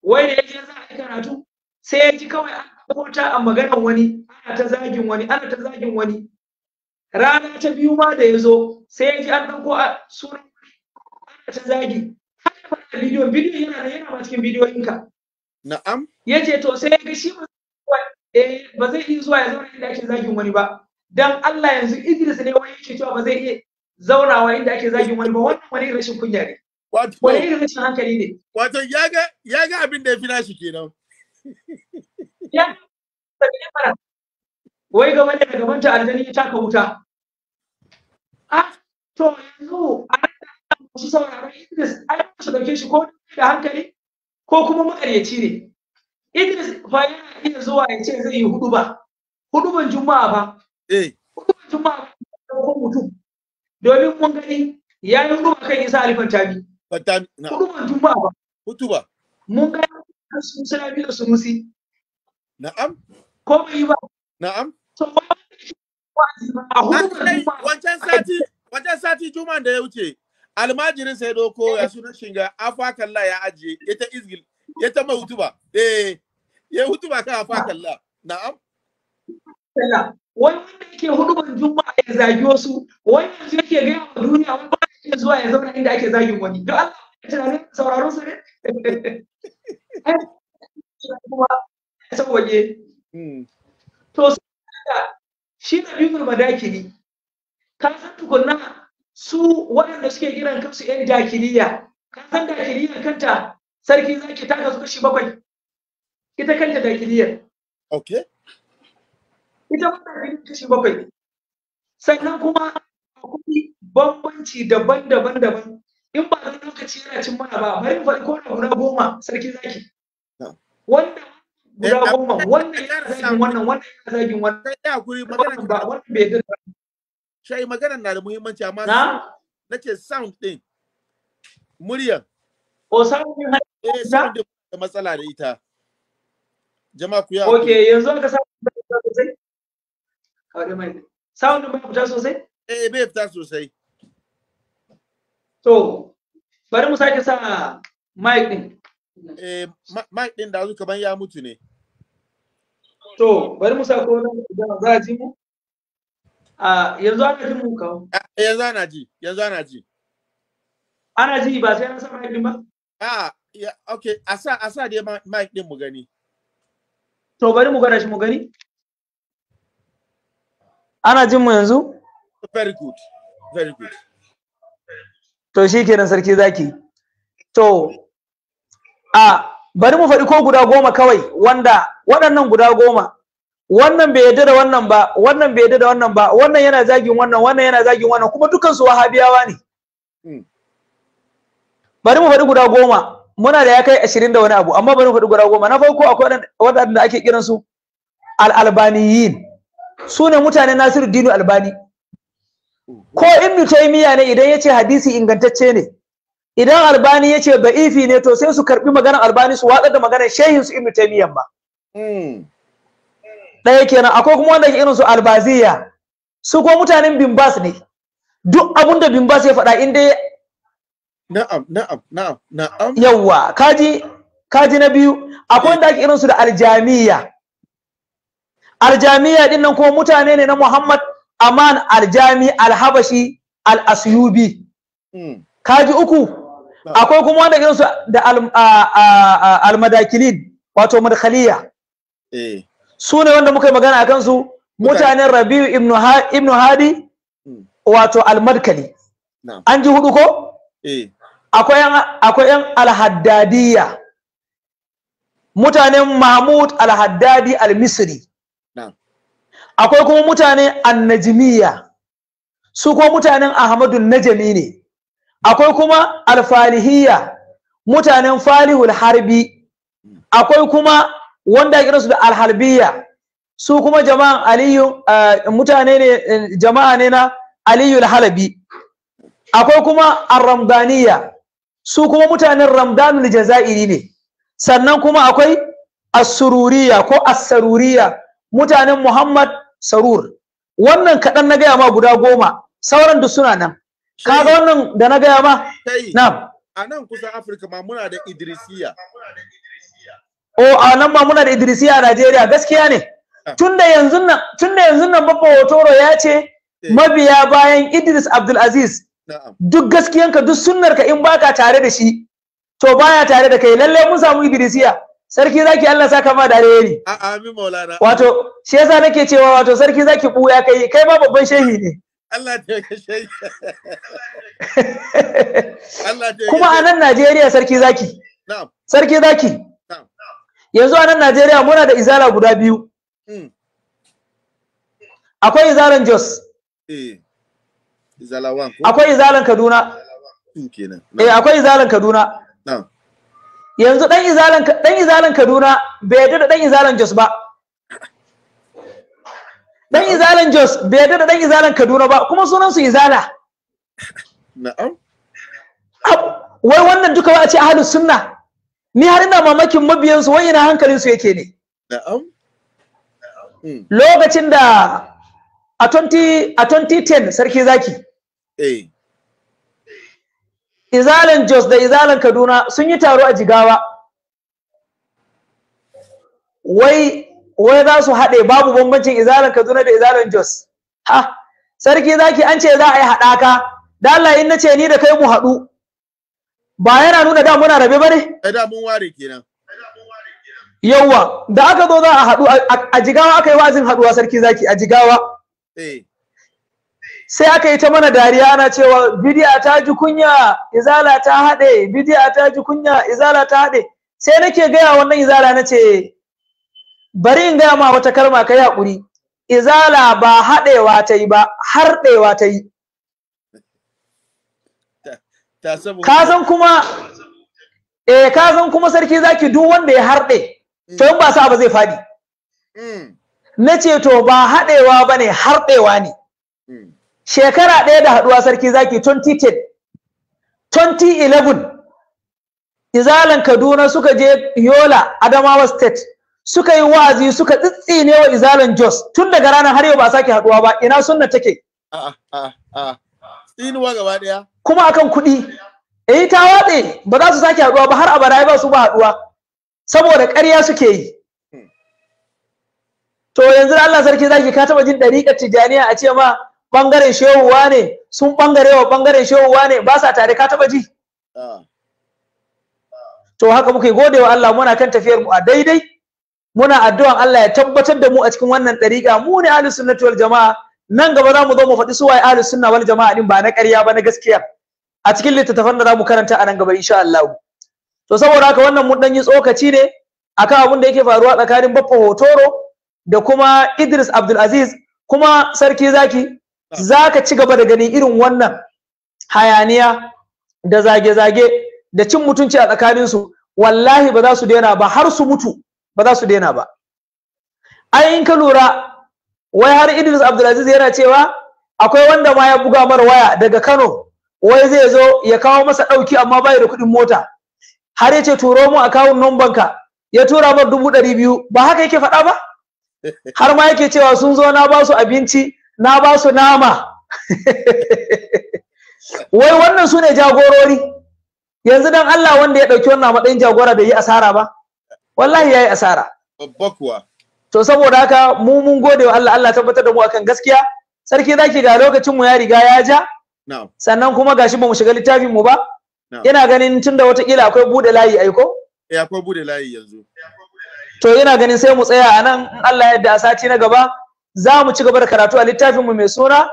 wai da je za a yi karatu sai ya ji kawai an kota a maganar wani ana ta zagin wani ana ta zagin wani rana ta biyu ma da ya zo sai ya ji an ɗauko a sunan ana ta zagi haka fara bidiyo bidiyo yana da yana ma cikin bidiyoyinka na'am ya ce to sai ya ga shi eh, ba zai iya zuwa ya zauna inda ake zagin wani ba dan Allah yanzu Idris ne wani yake cewa ba zai iya zaunawa inda ake zagin wani ba wannan wani rashin kunya ne wani rashin hankali ne wato ya ga abin da ya fi nashi kenan ya wai gaban da gaban ta aljani ya taka wuta a to yanzu a masu sauraron Idris ai su dauke shi ko da hankali ko kuma makaryaci ne Idris fa yana iya zuwa ya ce zai yi hudu ba ban juma'a ba eh ban juma'a ba ko mutum domin mun gani ya yi hudu kan Isa Alifan Tabi Fatami Hudu ban juma'a ba hutuba mun ga su suna biyo su musi na'am ko bai yi ba na'am wancan sati wancan sati juman da ya wuce almajirin sai doko ya suna shinga afa kalla ya ajiye ita izgil ita mai hutuba eh ya hutuba kan afa kalla na'am wani wanda yake ban juma'a ya zagi wasu wani yanzu yake gaya wa duniya wani ba ya zuwa ya zauna inda ake zagin wani don Allah tunanin eh, sauraron hmm. su ne kuma ta waje to shi na biyu madakiri ka san tukunna su waɗanda suke kiran kansu yan dakiliya ka san dakiliya kanta sarki zaki ta kasu kashi bakwai ita kanta dakiliyar okay ita wannan kashi bakwai sannan kuma akwai bambanci daban-daban daban in ba wani lokaci yana cin mana ba bari mu faɗi ko da guda goma sarki zaki wanda eh, guda goma wannan ya zagin wannan wannan yana zagin wannan ya guri magana ba wannan bai da shai magana na da muhimmanci amma na nace sound din muryan o sound din eh da matsala da ita jama'a ku ya okay yanzu aka samu sosai kawai mai sound ba ta sosai eh bai ta sosai to bari mu sake sa mic din eh mic din da zuka ban ya mutu ne to bari mu sa ko za a ji mu a yanzu ana ji mu ka eh, yanzu ana ji yanzu ana ji ana ji ba sai na sa mic din ba a ya, okay a sa a dai mic din mu gani to bari mu gana shi mu gani ana jin mu yanzu very good very good to shi kenan sarki zaki to a bari mu faɗi ko guda goma kawai wanda waɗannan guda goma wannan bai yadda da wannan ba wannan bai yadda da wannan ba wannan yana zagin wannan wannan yana zagin wannan kuma dukkan su wahabiyawa ne hmm. bari mu faɗi guda goma muna da ya kai ashirin da wani abu amma bari mu faɗi guda goma na farko akwai waɗanda ake kiransu al-albaniyin su ne mutane nasiru dinu albani ko ibnu taymiya ne idan yace hadisi ingantacce ne idan albani yace da'ifi ne to sai su karbi maganar albani su watsar da maganar shehin su ibnu taymiyan ba hmm. ɗaya kenan akwai kuma wanda ke irin su albaziya su ko mutanen bimbas ne duk abun da bimbas ya faɗa in dai na'am na'am na'am na'am yawa kaji kaji na biyu akwai wanda ke irin su da aljamiya aljamiya din nan kuma mutane ne na muhammad aman aljami alhabashi al'asuyubi hmm. kaji uku akwai kuma wanda irin da almadakilin wato madkhaliya eh. su ne wanda muka yi magana a kansu mutanen rabiu Ibn hadi hmm. wato almadkali an ji hudu ko eh. akwai yan alhaddadiya mutanen mahmud alhaddadi almisri akwai kuma mutane annajmiya su kuma mutanen ahmadu najami ne akwai kuma alfalihiyya mutanen falihul harbi akwai kuma wanda ya su da alharbiya su kuma jama'an aliyu eh, mutane ne eh, jama'a ne na aliyu halabi akwai kuma arramdaniya su kuma mutanen ramdanul jaza'iri ne sannan kuma akwai asururiya ko asaruriya mutanen muhammad sarur wannan kaɗan na gaya ma guda goma sauran duk suna nan kaga wannan da na gaya ma na'am a nan kusa afirka ma muna da idrisiya o a nan ma muna da idrisiya a najeriya gaskiya ne ah. tunda yanzu nan tunda yanzu nan babba hotoro ya ce eh. mabiya bayan idris abdulaziz duk gaskiyanka duk sunnarka in baka tare da shi to baya tare da kai lalle mun samu idrisiya sarki zaki Allah saka ma da alheri amin maulana wato shi yasa nake cewa wato sarki zaki buya kai kai ma babban shehi ne Allah ta yake shehi Allah ta kuma a nan Najeriya sarki zaki na'am sarki zaki na'am yanzu a nan Najeriya muna da izala guda biyu hmm. akwai izalan Jos eh izala wan akwai izalan Kaduna kenan eh akwai izalan Kaduna yanzu dan izalan dan izalan Kaduna bai yarda da dan izalan Jos ba dan izalan Jos bai yarda da dan izalan Kaduna ba kuma sunan su izala na'am wai wannan duka ba a ce ahlus sunna ni har ina mamakin mabiyan su wai ina hankalin su yake ne na'am lokacin da a 2010 sarki zaki Eh. izalan jos da izalan kaduna sun yi taro a jigawa wai wai za su haɗe babu bambancin izalan kaduna da izalan jos ha sarki zaki an ce za a yi haɗaka da Allah in nace ni da kai mu haɗu ba yana nuna da muna rabe bane da mun ware kenan yawa da aka zo za a haɗu a jigawa aka yi wazin haɗuwa sarki zaki a jigawa eh sai aka yi ta mana dariya ana cewa bidiya ta ji kunya izala ta haɗe bidiya ta ji kunya izala ta haɗe sai nake gaya wannan izala na ce bari in gaya ma wata kalma ka haƙuri izala ba haɗewa ta yi ba harɗewa ta yi ka kuma eh ka san kuma sarki zaki duk wanda ya harɗe mm. to in ba sa ba zai faɗi mm. na ce to ba haɗewa ba ne harɗewa ne shekara ɗaya da haɗuwa sarki zaki 2010 2011 izalan kaduna suka je yola adamawa state suka yi wa'azi suka tsitsine wa izalan jos tun daga ranar har yau ba sake haɗuwa ba ina sunna take kuma akan kuɗi eh ta waɗe ba za su sake haɗuwa ba har abada ba su ba haɗuwa saboda ƙarya suke yi hmm. to yanzu Allah sarki zaki ka taɓa jin ɗariƙar tijaniya a ce ma bangaren shehuwa ne sun bangare wa bangaren shehuwa ne ba sa tare ka taba ji ah. to haka muke gode wa Allah muna kan tafiyar mu a daidai muna addu'an Allah ya tabbatar da mu a cikin wannan dariƙa mu ne ahlus sunnati wal jama'a nan gaba za mu zo mu faɗi suwaye ahlus sunna wal jama'a din ba na ƙarya ba na gaskiya a cikin littattafan da za mu karanta a nan gaba insha Allah to saboda haka wannan mun dan yi tsokaci ne akan abun da yake faruwa tsakanin Baffa Hotoro da kuma Idris Abdul Aziz kuma sarki zaki za ka ci gaba da ganin irin wannan hayaniya da zage-zage da cin mutunci a tsakaninsu wallahi ba za su daina ba har su mutu ba za su daina ba ai in ka lura wai har Idris Abdulaziz yana cewa akwai wanda ma ya buga mara waya daga Kano wai zai zo ya kawo masa ɗauki amma bai da kuɗin mota har ya ce turo mu akawun numban ka ya tura mar dubu ɗari biyu ba haka yake faɗa ba har ma yake cewa sun zo na ba su abinci na ba su nama wai wannan su ne jagorori yanzu dan Allah wanda ya ɗauki wannan matsayin jagora bai yi asara ba wallahi ya yi asara to saboda haka mu mun gode wa Allah Allah tabbatar da mu akan gaskiya sarki zaki ga lokacin mu ya riga ya ja sannan kuma gashi ba mu shiga littafin mu ba yana ganin tunda watakila akwai bude layi aiko eh, akwai bude layi yanzu to yana ganin sai mu tsaya a nan Allah yadda a sati na gaba za mu ci gaba da karatu a mu mai suna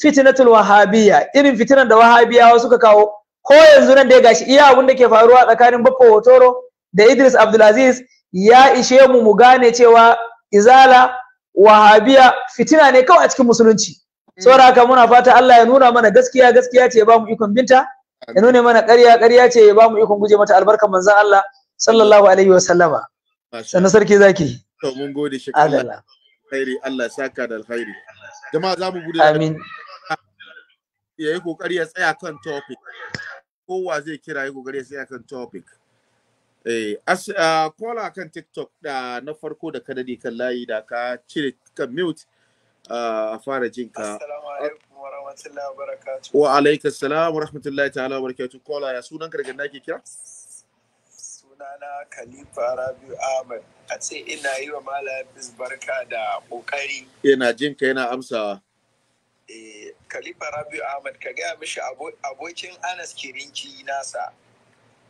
fitinatul wahabiyya irin fitinan da wahabiyawa suka kawo ko yanzu nan da ya gashi iya abun da ke faruwa tsakanin baffa hotoro da idris abdulaziz ya ishe mu mu gane cewa izala wahabiya fitina ne kawai a cikin musulunci mm. saboda haka muna fata Allah ya nuna mana gaskiya gaskiya ce ya mu ikon binta ya nuna mana ƙarya ƙarya ce ya mu ikon guje mata albarkar manzon Allah sallallahu alaihi wa sallama sannan sarki zaki to mun gode shi alkhairi Allah saka da alkhairi jama'a za mu bude amin ya yi kokari ya tsaya kan topic kowa zai kira ya kokari ya tsaya kan topic eh as kola kan tiktok da na farko da kadadi kan layi da ka cire kan mute a fara jinka assalamu alaikum wa rahmatullahi wa wa barakatuh alaikum assalam wa rahmatullahi ta'ala wa barakatuh kola ya sunan ka daga nake kira sunana Khalifa Rabiu Ahmed. A ce ina yi wa Malam barka da ƙoƙari. Yana jin ka yana amsawa. Eh, Khalifa Rabiu Ahmed ka gaya mishi abokin Anas Kirinci nasa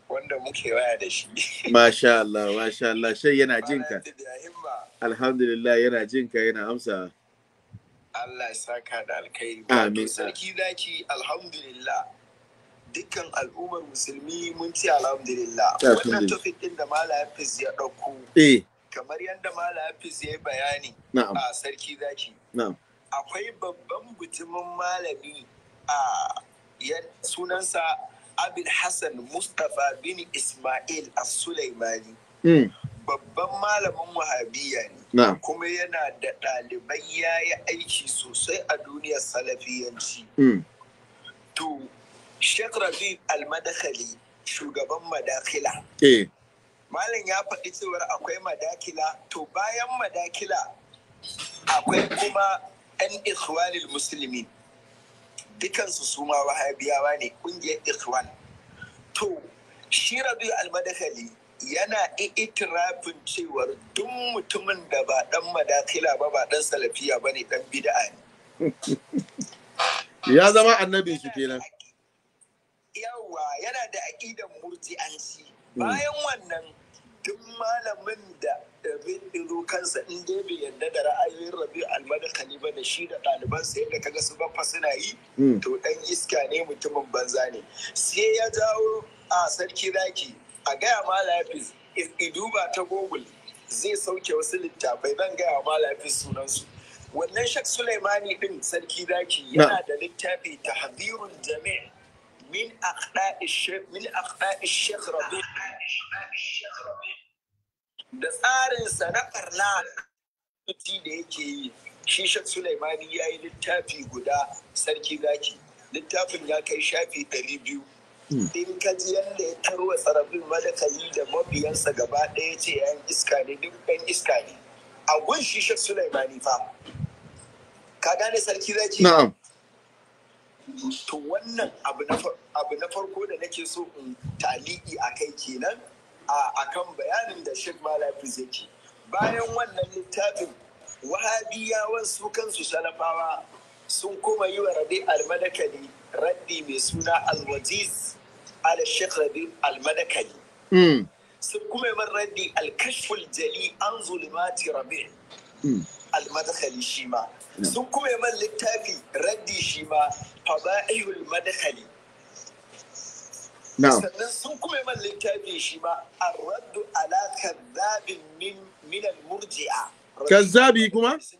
wanda muke waya da shi. Masha Allah, masha Allah, shai yana jin ka. Alhamdulillah yana jin ka yana amsawa. Allah ya saka da alkhairi. Amin. Sarki zaki alhamdulillah. dukkan al'ummar musulmi mun ci alhamdulillah wannan topic din da mala hafiz ya ɗauko eh. kamar yadda mala hafiz ya bayani a sarki zaki akwai babban mutumin malami a sunansa Abin hassan mustapha bin ismail a sulaimani hmm. babban malamin wahabiya ne kuma yana da ɗalibai ya yi aiki sosai a duniyar salafiyanci hmm. to Sheikh Rabi al-Madakhali shugaban madakila. Eh. Malam ya faɗi cewar akwai madakila, to bayan madakila akwai kuma 'yan ikhwanil musulmi. Dukansu su ma wahabiyawa ne ƙungiyar ikhwan. To, shi Rabi al-Madakhali yana itirafin cewar duk mutumin da ba ɗan madakila ba ba ɗan salafiya ba ne ɗan bida'a ne. Ya zama annabinsu kenan. yawa yana da aƙidan murji'anci hmm. bayan wannan duk malamin da ɗin kansa in dai bai yarda da ra'ayoyin rabi almadakali ba da shi da ɗaliban ɗalibansa ka kaga su baffa suna yi hmm. to ɗan iska ne mutumin banza ne sai ya jawo a sarki zaki a gaya ma lafis duba ta google zai sauke wasu littafai zan gaya ma lafis sunansu wannan shak sulaimani ɗin sarki zaki yana da littafi tahzirul jami' min akhda'i min akhda'i shekh da tsarin sa na karna da yake yi shi shek ya yi littafi guda sarki zaki littafin ya kai shafi ɗari biyu hmm. in ka ji yadda ya tarwa tsarabin malakali da mabiyansa gaba ɗaya ce yan iska ne duk ɗan iska ne a gun shi fa ka gane sarki zaki to wannan abu na farko da nake so in taliki a kai kenan a kan bayanin da Sheikh Malafis yake bayan wannan littafin wahabiyawan su kansu salafawa sun kuma yi wa rabi almadakali raddi mai suna alwaziz al sheikh rabi almadakali mm. sun kuma yi raddi kashful jali an zulmati rabi mm. Almadakali shi ma sun kuma man littafi raddi shi ma faba'ihul Madakali, sannan sun kuma man littafi shi ma ar-raddu ala kadhabin min min al-murji'a kazzabi kuma sun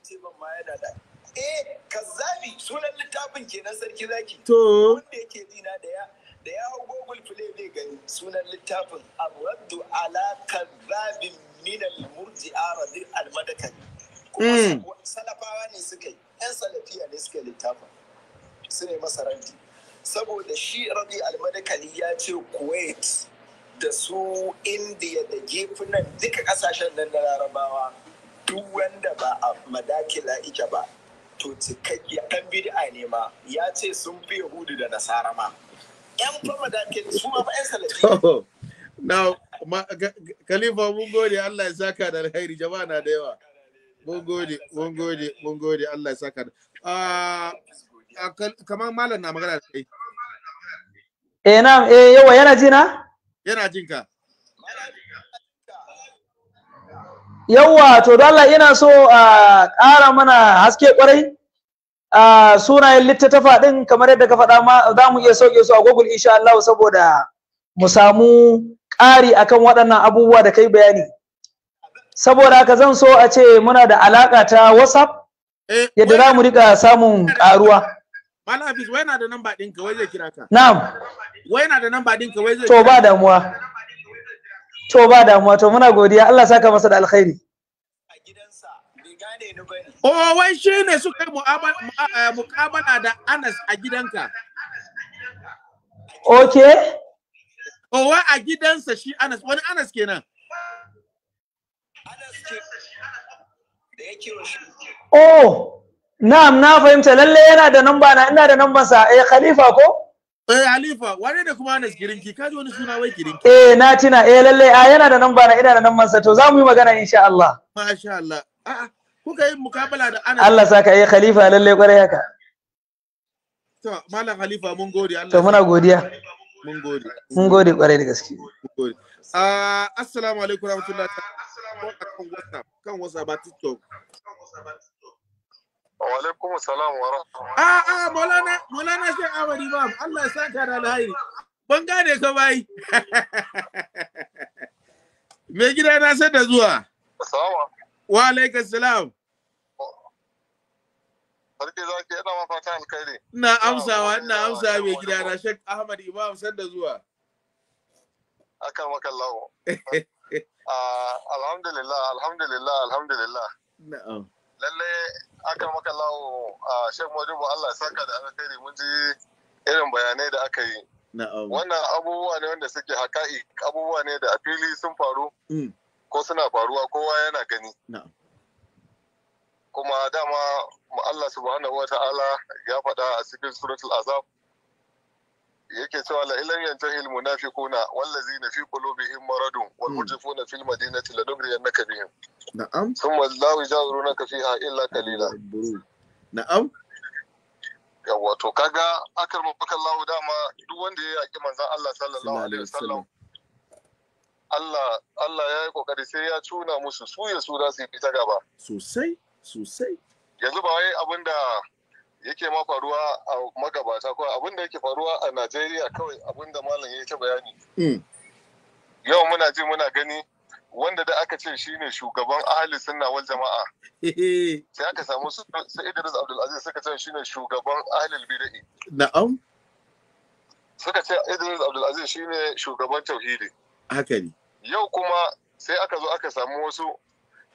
eh kazzabi sunan littafin kenan sarki zaki to wanda yake zina da ya da ya hau google play zai gani sunan littafin ar-raddu ala kadhabin min al-murji'a raddi al Mm. salafawa ne suka yi yan salafiya ne suka yi littafin su ne masaranti saboda shi rabi almadakali ya ce kuwait da su indiya da nan duka kasashen nan na larabawa duk wanda ba a madakila ike ba to cikakke dan bid'a ne ma ya ce sun fi yahudu da nasara ma yan fa madakil su ma yan salafi oh. Now, Khalifa mun gode Allah ya saka da alheri jama'a na da yawa. mun gode mun gode mun gode Allah ya saka ah, kamar malam na magana da kai eh na eh yawa yana ji na yana jin ka yawa to da Allah ina so a ƙara mana haske kwarai a sunayen littattafa din kamar yadda ka faɗa ma za mu iya sauke su a Google insha Allah saboda mu samu ƙari akan waɗannan abubuwa da kai bayani saboda haka zan so a ce muna da alaka ta whatsapp eh, yadda za mu rika samun karuwa Malam Hafiz wai na da namba ka wai zai kira ka. Na'am. Wai na da namba ka wai zai To ba damuwa. To ba damuwa to muna godiya Allah saka masa da alkhairi. Oh wai shi ne suka yi mukabala eh, da Anas a gidanka. Okay. Oh wai a gidansa shi Anas wani Anas kenan. oh na'am na fahimta lalle yana da namba na ina da namban sa eh khalifa ko eh khalifa wane da kuma Anas Girinki ka ji wani suna wai Girinki eh na tina eh lalle a ah, yana da namba na ina da namban sa to za mu yi magana insha Allah masha Allah a'a ah, ah, kuka yi mukabala da Anas Allah saka eh khalifa lalle kwarai haka to malam khalifa mun gode Allah to muna godiya mun gode mun gode kwarai da gaske ah assalamu alaikum warahmatullahi kan ba TikTok. salam wa A'a ah, ah, Maulana Maulana Sheikh Ahmad Imam, Allah ya saka da alheri. Ban gane ka bai. Me gida na san da zuwa. Wa alaikum salam. Sarki ina ma alkhairi. Ina amsawa ina mai gida na Sheikh Ahmad Imam sanda zuwa. Akan Ah, alhamdulillah alhamdulillah alhamdulillah lalle aka maka lawo a ah, shek modibo Allah saka da alkhairi mun ji irin bayanai da aka yi wannan abubuwa ne wanda suke haka'i abubuwa ne da a fili sun faru mm. ko suna faruwa kowa yana gani kuma dama Allah subhanahu wa ta'ala ya faɗa a cikin suratul azab yake cewa la ilan yanta hil munafiquna wallazina fi qulubihim maradun wal hmm. mujifuna fil madinati annaka bihim na'am thumma la ka fiha illa qalila na'am yawa to kaga akar babakan lahu dama duk wanda ya yaki manzon Allah sallallahu alaihi wasallam Allah Allah ya yi kokari sai ya cuna musu su ya su da su fita gaba sosai sosai yanzu ba wai abinda yake ma faruwa a magabata ko abin da yake faruwa a Najeriya kawai abin da malam ya ta bayani. Hmm. Yau muna ji muna gani wanda da aka ce shine shugaban ahli sunna wal jama'a. Sai aka samu su Idris Abdulaziz suka ce shine shugaban ahli bid'i. Na'am. Suka ce Idris Abdulaziz shine shugaban tauhidi. Haka ne. Yau kuma sai aka zo aka samu wasu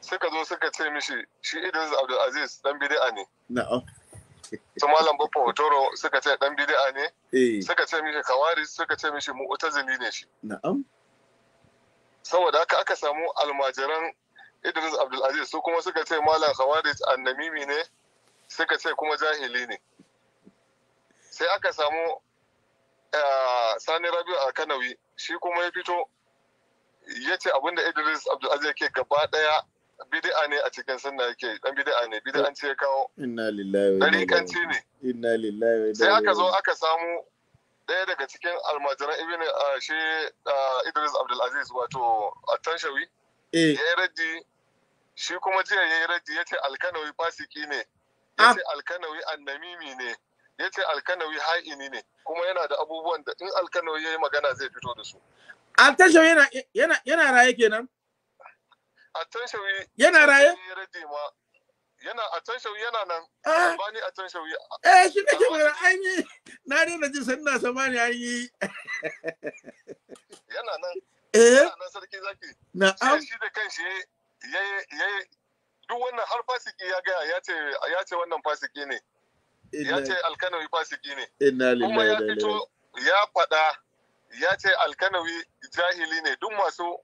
suka zo suka ce mishi shi Idris Abdulaziz dan bid'a ne. Na'am. su malam baffa hotoro suka ce dan bid'a ne eh. suka ce mishi kawari suka ce mishi mu'tazili ne shi na'am saboda haka aka samu almajiran Idris Abdulaziz su kuma suka ce malam khawarij annamimi ne suka ce kuma jahili ne sai aka samu eh, sani rabiu a kanawi shi kuma ya fito ya ce abinda idris abdulaziz ke gaba daya bid'a ne a cikin sunna yake dan bid'a ne bid'an ce kawo inna lillahi wa inna ilaihi inna lillahi wa sai aka zo aka samu ɗaya daga cikin almajiran ibn shi Idris Abdulaziz wato Attanshawi eh. ya yi raddi shi kuma jiya ya yi raddi ya ce alkanawi fasiki ne ya ah. ce alkanawi annamimi ne ya ce alkanawi ha'ini ne kuma yana da abubuwan da in alkanawi ya yi magana zai fito da su. Attanshawi yana raye kenan? yana raye yana yana nan ah. bani eh shi nake bara an yi na daina jin san na samani an yi yana nan eh na sarki zaki shi da kanshi yayi yayi duk wannan har fasiki ya ga ya ce ya ce wannan fasiki ne ya ce alkanawi fasiki ne inna lillahi ya faɗa ya ce alkanawi jahili ne duk masu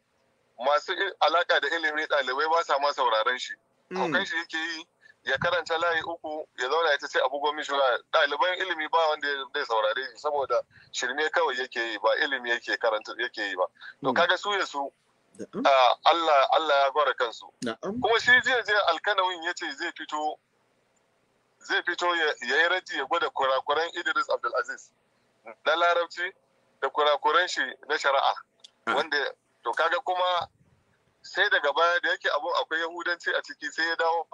masu alaka da ilimi ɗalibai ba sa ma sauraron shi mm. haukan shi yake yi ya karanta layi uku ya zauna ya ce abu gomi shura ɗaliban ilimi ba wanda zai saurare shi saboda shirme kawai yake yi ba ilimi yake karanta yake yi ba to mm. kaga su ya su Allah Allah ya gwara kansu kuma shi jiya jiya alkanawin ya ce zai fito zai fito ya yi raji ya gwada kurakuran Idris Abdulaziz na larabci da kurakuran shi na shari'a ah. wanda to kaga kuma sai daga baya da yake abun akwai yahudanci a ciki sai ya dawo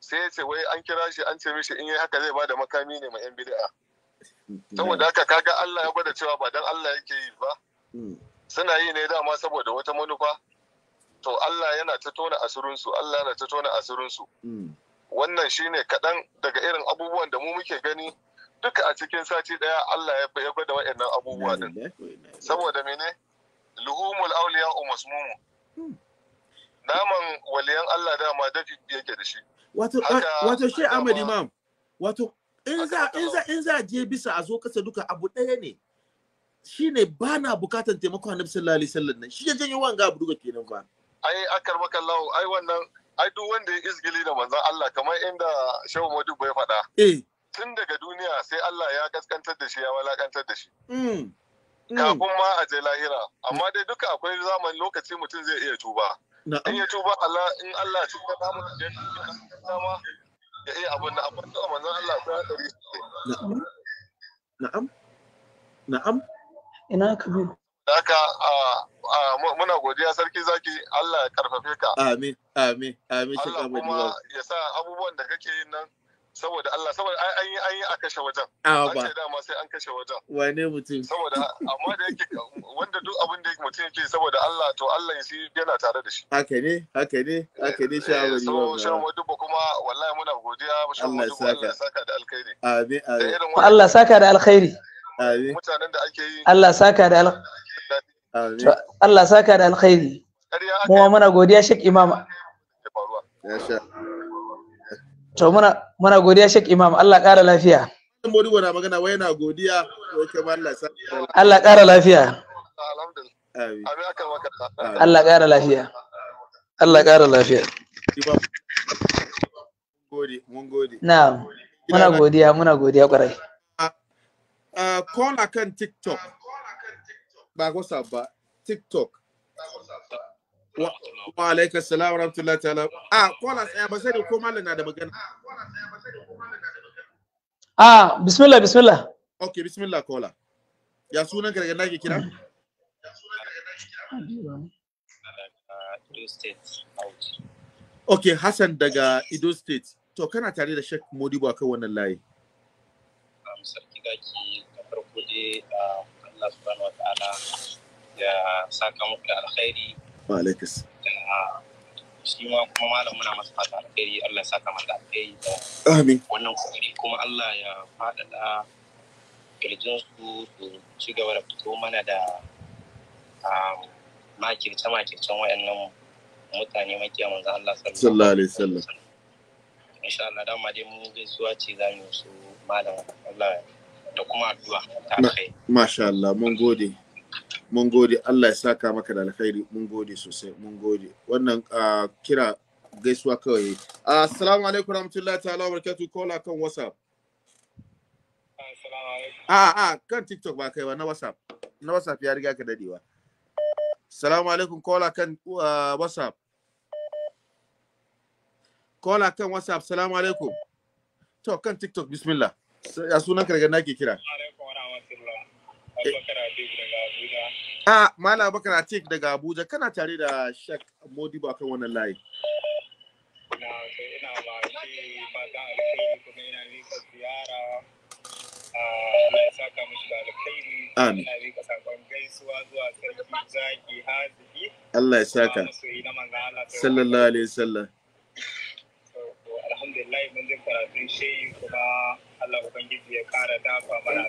sai ya ce wai an kira shi an ce mishi in yi haka zai bada makami ne ma yan bid'a saboda haka kaga Allah ya gwada cewa ba dan Allah yake yi ba hmm. suna yi ne dama saboda wata manufa to Allah yana ta tona asirinsu Allah yana ta tona asirinsu hmm. wannan shine kaɗan daga irin abubuwan da mu muke gani duka a cikin sati ɗaya Allah ya gwada waɗannan abubuwa din saboda mene luhumul auliya umasmumu hmm. naman waliyan Allah dama dafi yake da shi wato ah, wato shi Ahmad Imam wato in za in za in za je bisa a zo kasa duka abu ɗaya ne shine ba na bukatan taimako Annabi sallallahu alaihi wasallam nan shi ya janyo wanga abu duka kenan fa ai akar makallahu ai wannan ai duk wanda ya izgili da manzon Allah kamar inda Shehu Madu bai faɗa eh tun daga duniya sai Allah ya kaskantar da shi ya walakantar da shi mm kafin mm. ma a je lahira amma dai duka akwai zamani lokaci mutum zai iya tuba in ya tuba Allah in Allah ya tuba namu da dama ya iya abin da abin da manzon Allah ya dari na'am na'am na'am ina ka bi a muna godiya sarki zaki Allah ya karfafe ka amin amin amin Allah kuma ya sa abubuwan da kake yin nan saboda Allah saboda an yi an yi a kashe wajen ah, an ce dama sai an kashe wajen wane mutum saboda amma da yake wanda duk abin da mutum yake saboda Allah to Allah shi yana tare da shi haka ne haka ne haka ne sha wani eh, so shan wadu ba kuma wallahi muna godiya shan Allah saka da alkhairi amin amin Allah saka da alkhairi amin mutanen da ake yi Allah saka da alkhairi Allah saka da alkhairi kuma muna godiya shek imama. ya sha to muna muna godiya Sheikh Imam Allah ƙara lafiya Mun Modibo na magana wai na godiya wai ba Allah sa Allah ƙara lafiya alhamdulillah Allah ƙara lafiya Allah ƙara lafiya gode mun gode na'am muna godiya muna godiya kwarai a call akan TikTok ba ko ba TikTok wa salam rahmatullahi ta'ala a ah, kola tsaya ba sai ko mallan na da magana ah, a ah, bismillah bismillah okay bismillah kola ya sunan ka daga nake kira Okay, Hassan daga Edo State. To, kana tare da Sheikh Modibo akan wannan layi. Sarki zaki da farko dai Allah subhanahu wa ta'ala ya saka muku da alkhairi wa alaikas ah, shi ma kuma malam muna masa fata alkhairi Allah ya saka masa alkhairi amin wannan kokari kuma Allah ya faɗaɗa kirjin su su ci gaba da fito mana da ah, makirce makircen wayannan mutane makiya manzo Allah sallallahu alaihi wasallam insha Allah dama dai mun gaisuwa ce za mu su malam Allah da kuma addu'a ta kai masha Allah mun gode mun gode Allah ya saka maka da alkhairi mun gode sosai mun gode wannan kira gaisuwa kawai assalamu alaikum rahmatullahi ta'ala barakatuh kola kan whatsapp a a kan tiktok ba kai ba na whatsapp na whatsapp ya riga ka dadewa assalamu alaikum kola kan whatsapp kola kan whatsapp assalamu alaikum to kan tiktok bismillah ya sunan ka daga nake kira A ah, Malam Bakar Atik daga Abuja kana tare da Shek Modibo akan wannan layi. Na ah, Allah ya saka mishi gaisuwa zuwa sarki zaki haziki. Allah Sallallahu alaihi wasallam. Alhamdulillah kuma Allah ubangiji ya kara dafa mana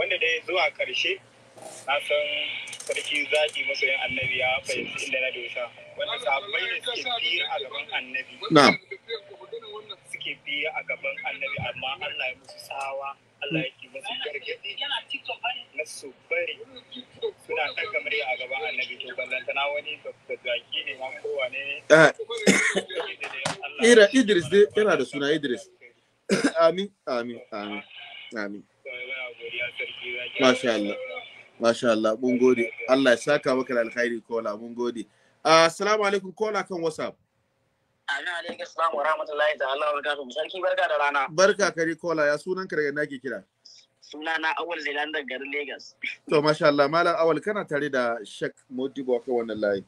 wanda dai zuwa karshe na san sarki zaki yin annabi ya fahimci inda na dosa wanda sabai da suke biyu a gaban annabi suke biyu a gaban annabi amma Allah ya musu tsawa Allah ya ki musu gargaɗi na su bari suna ɗaga murya a gaban annabi to na wani da zaki ne ma kowane ne eh. Idris dai yana da suna Idris amin amin amin amin Masha Allah. Masha Allah, mun gode. Allah ya saka maka da alkhairi kola, mun gode. Ah, assalamu alaikum kola kan WhatsApp. Ana alaikum salam wa rahmatullahi ta'ala wa barakatuhu. Sarki barka da rana. Barka kare kola, ya sunan ka daga nake kira. Suna na Awal Zelan daga garin Lagos. To masha Allah, malam Awal kana tare da Sheikh Modibo kan wannan layi.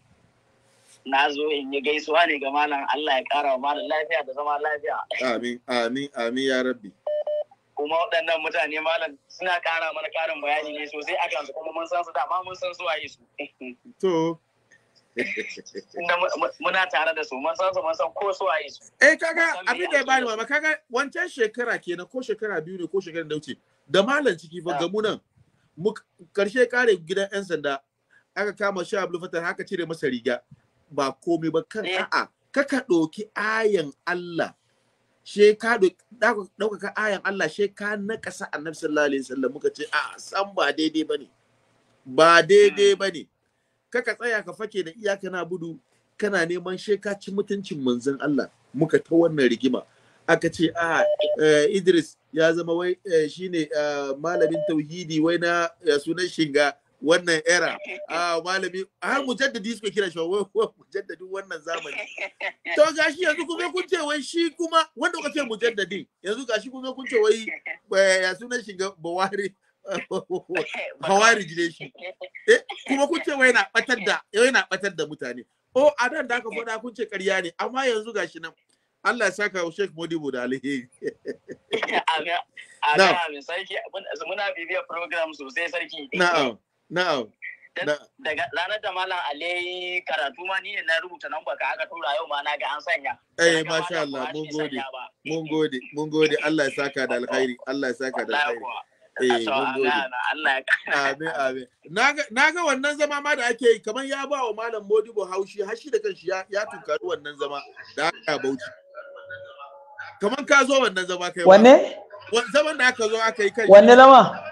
na zo in yi gaisuwa ne ga malam Allah ya kara wa malam lafiya da zama lafiya. Amin, amin, amin ya rabbi. kuma waɗannan mutane malam suna ƙara mana ƙarin bayani ne sosai a kansu kuma mun san su dama mun san su waye su. To. Muna tare da su mun san su mun san ko su waye su. Eh kaga abin da ya bani mama kaga wancan shekara kenan ko shekara biyu ne ko shekara da wuce da malam ciki fa ah. gamu nan karshe kare gidan yan sanda aka kama shi abu Fattah haka cire masa riga ba komai ba kan eh. a'a kaka ɗauki ayan Allah she ka ɗaukaka ayan Allah she ka naƙasa annabi sallallahu alaihi wasallam muka ce a ah, san ba daidai bane ba daidai mm. bane kaka tsaya ka fake da iyaka na budu kana neman she ka ci mutuncin manzon Allah muka ta wannan rigima aka ce a ah, eh, Idris ya zama wai eh, shine eh, malamin tauhidi wai na sunan shinga wannan era a ah, malami har mujaddadi suka kira shi wai jaddadi wannan zamani to gashi yanzu kuma kun ce wai shi kuma wanda kuka ce jaddadi? yanzu gashi kuma kun ce wai eh, ya sunan shi ga bawari Bawari jide shi eh kuma kun ce wai na batar da yana batar da mutane oh a nan da aka faɗa kun ce ƙarya ne amma yanzu gashi nan Allah ya saka Sheikh Modibo da alheri. Amin. Amin. Sarki muna bibiya program sosai sarki. Na'am. Na'am. Daga ranar da Malam Ali karatu ma ni ne na rubuta nan baka aka tura yau ma na ga an sanya. Eh masha Allah mun gode. Mun gode. Mun gode Allah ya saka da alkhairi. Allah ya saka da alkhairi. Eh mun gode. Amin amin. Na ga wannan zama ma da ake yi kamar ya ba wa Malam Modibo haushi hashi da kanshi ya ya tunkari wannan zama da aka bauchi. Kamar ka zo wannan zama kai. Wanne? Zaman da aka zo aka yi kai. Wanne zama?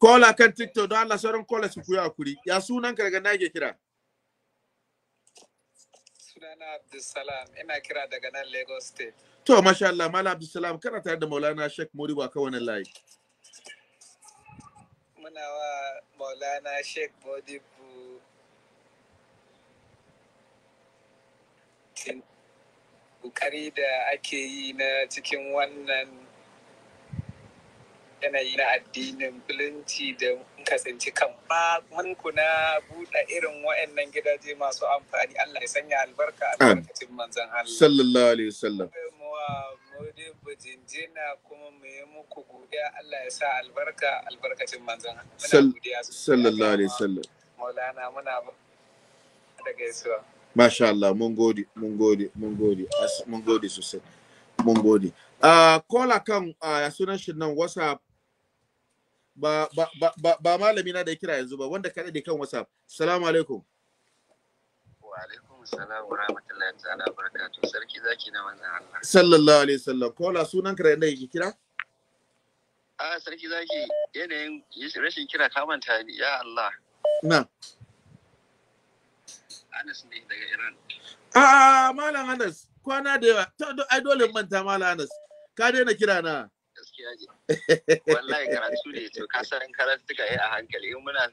Kola kan TikTok don Allah sauran kola su kuya kuri. Ya sunan ka daga nage kira? Sunana Abdulsalam, ina kira daga nan Lagos State. To, masha Allah, Mala Abdulsalam, kana tare da Maulana Sheikh Moriba ka wannan layi. Muna wa Maulana Sheikh Modibu kokari da ake yi na cikin wannan yanayi na addinin bulunci da kasance kan ba mun kuna buɗe irin wa'annan gidaje masu amfani Allah ya sanya albarka a lokacin manzon Allah sallallahu alaihi wasallam gode bujinjina kuma mu yi muku godiya Allah ya sa albarka albarkacin manzon Allah sallallahu alaihi wasallam maulana muna da gaisuwa Masha Allah, mun gode, mun gode, mun gode, mun gode sosai, mun gode. kola ah, kan uh, ah, sunan shi nan WhatsApp ba ba ba ba malami na da kira yanzu ba wanda ka dade kan WhatsApp. Assalamu alaikum. Wa alaikum assalam wa rahmatullahi ta'ala barakatuh. Sarki zaki na wannan Allah. Sallallahu alaihi wasallam. la sunan ka da yake kira? A sarki zaki yanayin rashin kira ka manta ni ya Allah. Na. Anas ne daga Iran. A malam Anas kwana da yawa. To ai dole manta malam Anas. Ka daina kira na. ciki yaji wallahi karatu ne to ka san karatu ka yi a hankali in muna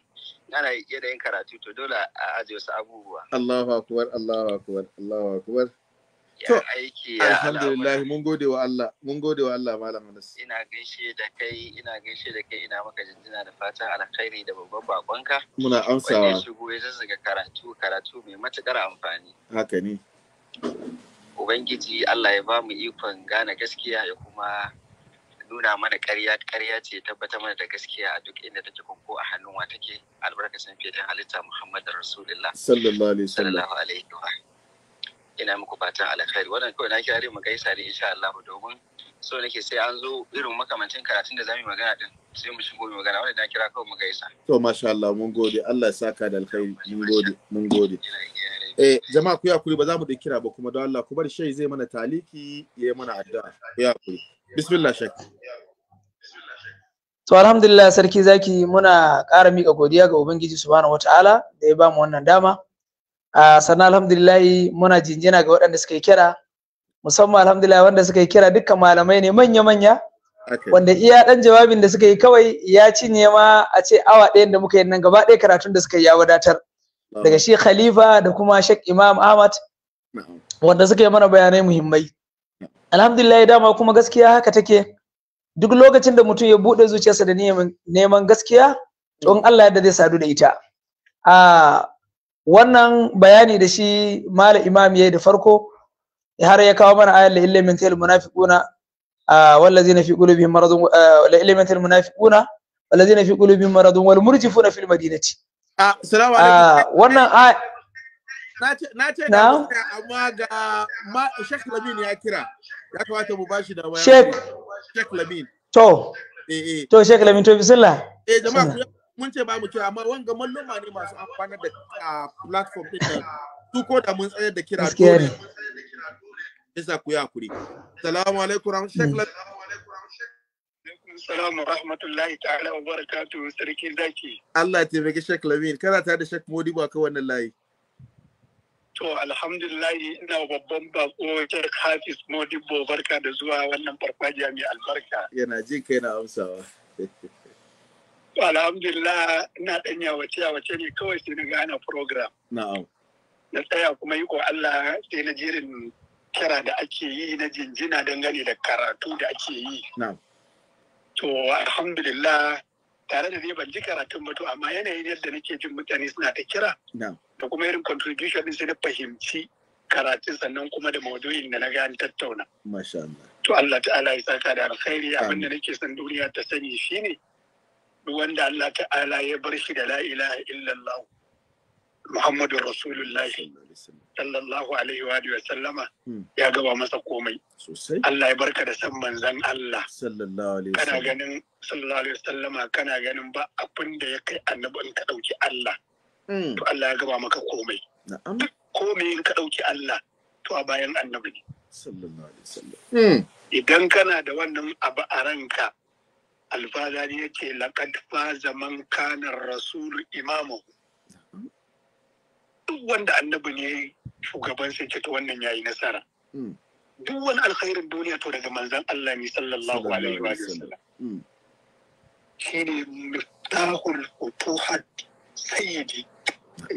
ana iya da yin karatu to dole a aje wasu abubuwa Allahu akbar Allahu akbar Allahu akbar to aiki ya alhamdulillah mun gode wa Allah mun gode wa Allah malam Anas ina gaishe da kai ina gaishe da kai ina maka jinjina da fatan alkhairi da babban bakonka muna amsawa wanda shigo ya zazzaga karatu karatu mai matukar amfani haka ne Ubangiji Allah ya ba mu ikon gane gaskiya ya kuma nuna mana ƙarya ƙarya ce tabbatar mana da gaskiya a duk inda take ko a hannun wa take albarkacin fiye halitta Muhammadu Rasulullah sallallahu alaihi wa ina muku fatan alkhairi wannan kawai na kira mu gaisa ne insha Allah domin so nake sai an zo irin makamancin karatun da zamu yi magana din sai mu shigo mu magana wannan na kira kawai mu gaisa to masha Allah mun gode Allah ya saka da alkhairi mun gode mun gode Eh, jama'a ku ya kuri ba za mu da kira ba kuma don Allah ku bar shai zai mana taliki ya mana addu'a ku ya kuri. bismillah shek to alhamdulillah sarki zaki muna ƙara mika godiya ga ubangiji subhanahu wataala da ya bamu wannan dama a sannan alhamdulillah muna jinjina ga waɗanda suka kira musamman alhamdulillah wanda suka kira dukkan malamai ne manya manya wanda iya dan jawabin da suka yi kawai ya cinye ma a ce awa ɗaya da muka yi nan gaba ɗaya karatun da suka yi ya wadatar daga shi khalifa da kuma shek imam ahmad wanda suka yi mana bayanai muhimmai alhamdulillah dama kuma gaskiya haka take duk lokacin da mutum ya buɗe zuciyarsa da neman gaskiya to in Allah yadda zai sadu da ita a wannan bayani da shi mala imam yayi da farko har ya kawo mana ayar la min tal munafiquna ladzina fi qulubihim maradun la min tal munafiquna ladzina fi qulubihim maradun wal murjifuna fil madinati assalamu alaikum wannan na ce na amma ga shekh Lamin ya kira ya kamata mu bashi da waya Sheikh Sheikh Lamin to eh eh to Sheikh Lamin to bismillah eh jama'a mun ce ba mu ce amma wanga malluma ne masu amfana da platform din su ko da mun tsayar da kira dole isa ku ya kuri assalamu alaikum Sheikh Lamin Assalamu rahmatullahi ta'ala wa barakatuhu sarki zaki. Allah ya taimaki Sheikh Lamin kana tare da Sheikh Modibo akan wannan layi. To alhamdulillahi ina babban bako Sheikh Hafiz Modibo barka da zuwa wannan farfajiya mai albarka. Yana jin kai na amsawa. To Alhamdulillah ina wace yawace wace ne kawai sai na gane program. Na'am. Na tsaya kuma yi ko Allah sai na jirin kira da ake yi na jinjina dangane da karatu da ake yi. Na'am. To alhamdulillah tare da ne ban ji karatun ba to amma yanayin yadda nake jin mutane suna ta kira. da kuma irin contribution din sai na fahimci karatun sannan kuma da maudu'in da na gani tattauna. To Allah ta'ala ya saka da alkhairi abin da nake son duniya ta sani shine wanda Allah ta'ala ya bar shi da la ilaha illallah Muhammadu Rasulullah sallallahu alaihi wa sallama hmm. ya gaba masa komai. Allah ya barka da san manzan Allah. Kana ganin sallallahu alaihi wa sallama kana ganin ba abin da ya kai annabin ka ɗauki Allah. Mm. to Allah ya gaba maka komai komai in ka ɗauki Allah to a bayan annabi ne mm. idan kana da wannan abu a ranka alfada ne yake laƙad fa zaman kanar rasulu imamu duk wanda annabi ne shugaban sai ta wannan ya yi nasara mm. duk wani alkhairin duniya to daga manzan Allah ne sallallahu alaihi wa sallam Shi shine miftahul futuhat sayyidi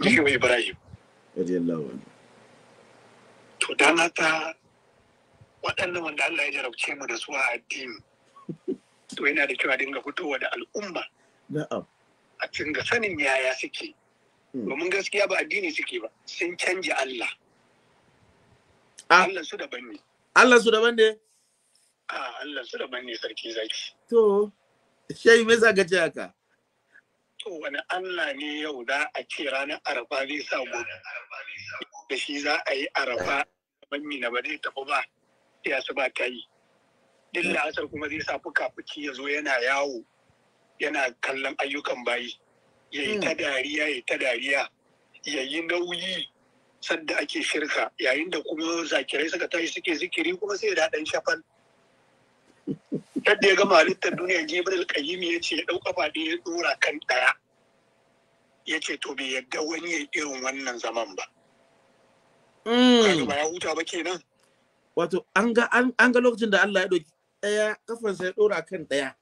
Jikin Ibrahim. To dan ta waɗannan wanda Allah ya jarabce mu da su a addini. To yana da kyau a dinga fitowa da al'umma. A dinga sanin yaya suke. Hmm. Domin gaskiya ba addini suke ba, sun canja Allah. Ah. Allah su daban ne. Allah su daban ne? Ah, Allah su daban ne sarki zaki. To, shai me za ka ce haka? to wani Allah ne yau za a ce ranar Arafa zai sa gobe da shi za a yi arafa. ban mina ba zai tafi ba ya su ba ta yi duk asar kuma zai sa fuka-fuki ya zo yana yawo yana kallon ayyukan bayi ya yi ta hmm. dariya ya yi ta dariya ya yi nauyi sadda ake shirka yayin da kuma zakirai suka tashi suke zikiri kuma sai da dan shafan Yadda ya gama halittar duniya Jibril Kayimi ya ce ya ɗauka faɗi ya ɗora kan ɗaya. Ya ce to bai yadda wani ya irin wannan zaman ba. Hmm. Ba ya huta ba kenan. Wato an ga lokacin da Allah ya ɗauki ɗaya kafansa ya ɗora kan ɗaya.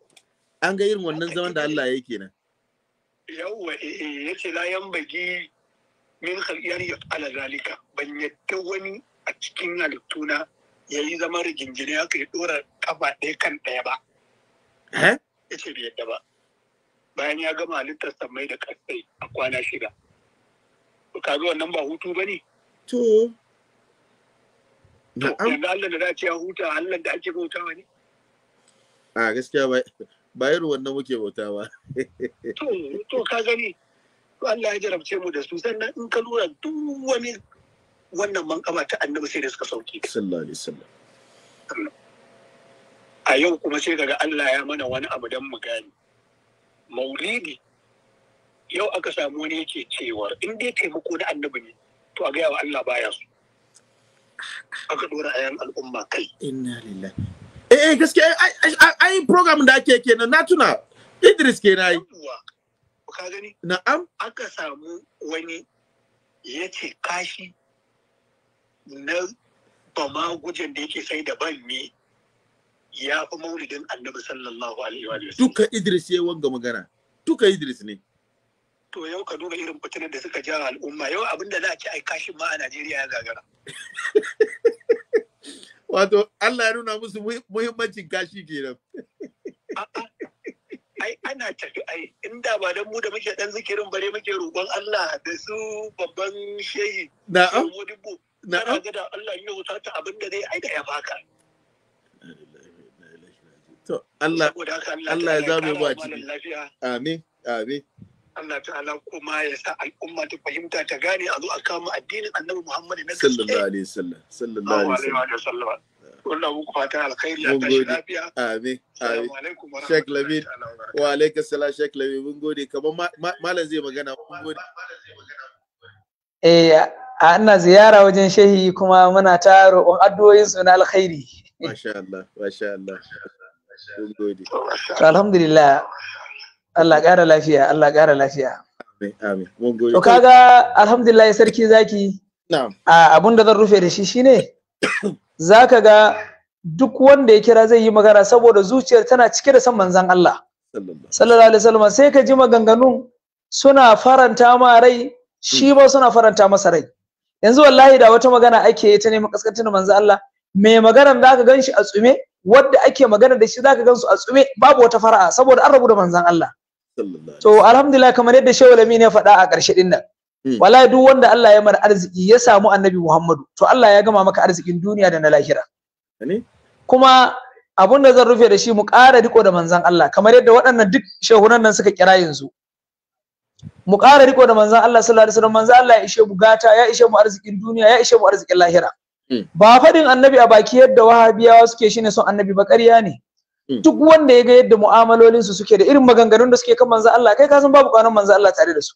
An ga irin wannan zaman da Allah ya yi kenan. Yawwa eh, eh ya ce layan bagi min khalqiyar ala zalika ban yadda wani a cikin halittuna ya yi zama rigingine haka ya dora kafa ɗaya kan ɗaya ba. Eh? Ya ce bai yadda ba. Bayan ya gama halittar samai da kasai a kwana shida. To kaga wannan ba hutu ba ne? To. Yanzu Allah da ce ya huta Allah da ake ba ne? A gaskiya ba bayar wannan muke bauta ba. To, to ka gani. To Allah ya jarabce mu da su sannan in ka lura duk wani wannan kama ta annabi sai da suka sauke a yau kuma sai daga Allah ya mana wani abu don mu gani maulidi yau aka samu wani yake cewa in dai taimako na annabi ne to a gaya wa Allah baya su aka dora ayan al'umma kai inna lillahi eh, eh gaskiya ai program da ake kenan na tuna Idris ke nayi ka gani na'am aka samu wani ya ce kashi na bama gujen da yake sai da ban mi ya fi maulidin annabi sallallahu alaihi wa duka idris ya wanga magana duka idris ne to yau ka duba irin fitinar da suka ja al'umma yau abin da za a ci ai kashin ma a najeriya ya gagara wato allah ya nuna musu muhimmancin kashi kenan ai ana tafi ai inda ba dan mu da muke dan zikirin bare muke roƙon Allah da su babban shehi na'am na ga da Allah ya wuta ta abin da zai aida ya baka to Allah Allah ya zame ba ciki amin amin Allah ta'ala kuma ya sa al'umma ta fahimta ta gane a zo a kama addinin Annabi Muhammad na sallallahu alaihi wasallam sallallahu alaihi wasallam wannan muku fatan alkhairi a tashi lafiya amin amin Sheikh Lamin wa alaikum salam Sheikh Lamin mun gode kamar malam zai magana mun gode eh a ina ziyara wajen shehi kuma muna ta roƙon addu'o'in su na alkhairi masha Allah masha Allah alhamdulillah Allah ƙara lafiya Allah ƙara lafiya amin amin to kaga alhamdulillah sarki zaki na'am da zan rufe da shi shine zaka ga duk wanda ya kira zai yi magana saboda zuciyar tana cike da san manzan Allah sallallahu alaihi wasallam sai ka ji maganganun suna faranta ma rai shi ma suna faranta masa rai yanzu wallahi da wata magana ake yi ta neman kaskantar manzo Allah mai maganar da aka ganshi a tsume wadda ake magana da shi zaka gansu a tsume babu wata fara'a saboda an rabu da manzon Allah to alhamdulillah kamar yadda Shehu lami ne faɗa a ƙarshe din nan hmm. wallahi duk wanda Allah ya mar arziki ya samu Annabi Muhammadu to Allah ya gama maka arzikin duniya da na lahira kuma abun da zan rufe da shi mu ƙara riko da manzon Allah kamar yadda waɗannan duk shehunan nan suka kira yanzu mu ƙara riko da manzan Allah sallallahu alaihi wasallam manzan Allah ya ishe mu gata ya ishe mu arzikin duniya ya ishe mu arzikin lahira hmm. ba faɗin annabi a baki yadda wahabiyawa suke shine son annabi ba ƙarya ne hmm. duk wanda ya ga yadda mu'amalolin su suke da irin maganganun da suke kan manzan Allah kai ka san babu kwanan manzan Allah tare da su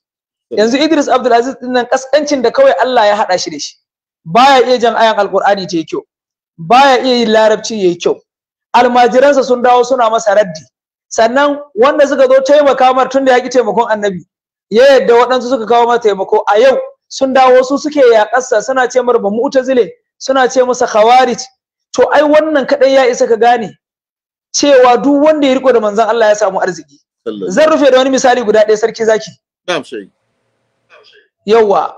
hmm. yanzu Idris Aziz din nan kaskancin da kawai Allah ya haɗa shi da shi baya iya jan ayan alkur'ani ta yi kyau baya iya yin larabci ya yi kyau almajiransa sun dawo suna masa raddi sannan wanda suka zo taimaka mar tunda ya ki taimakon annabi ya yadda waɗansu suka kawo mata taimako a yau sun dawo su suke yaƙarsa suna ce mar ba utazile, suna ce masa khawarij to ai wannan kaɗai ya isa ka gane cewa duk wanda ya riko da manzon Allah ya samu arziki zan rufe da wani misali guda ɗaya sarki zaki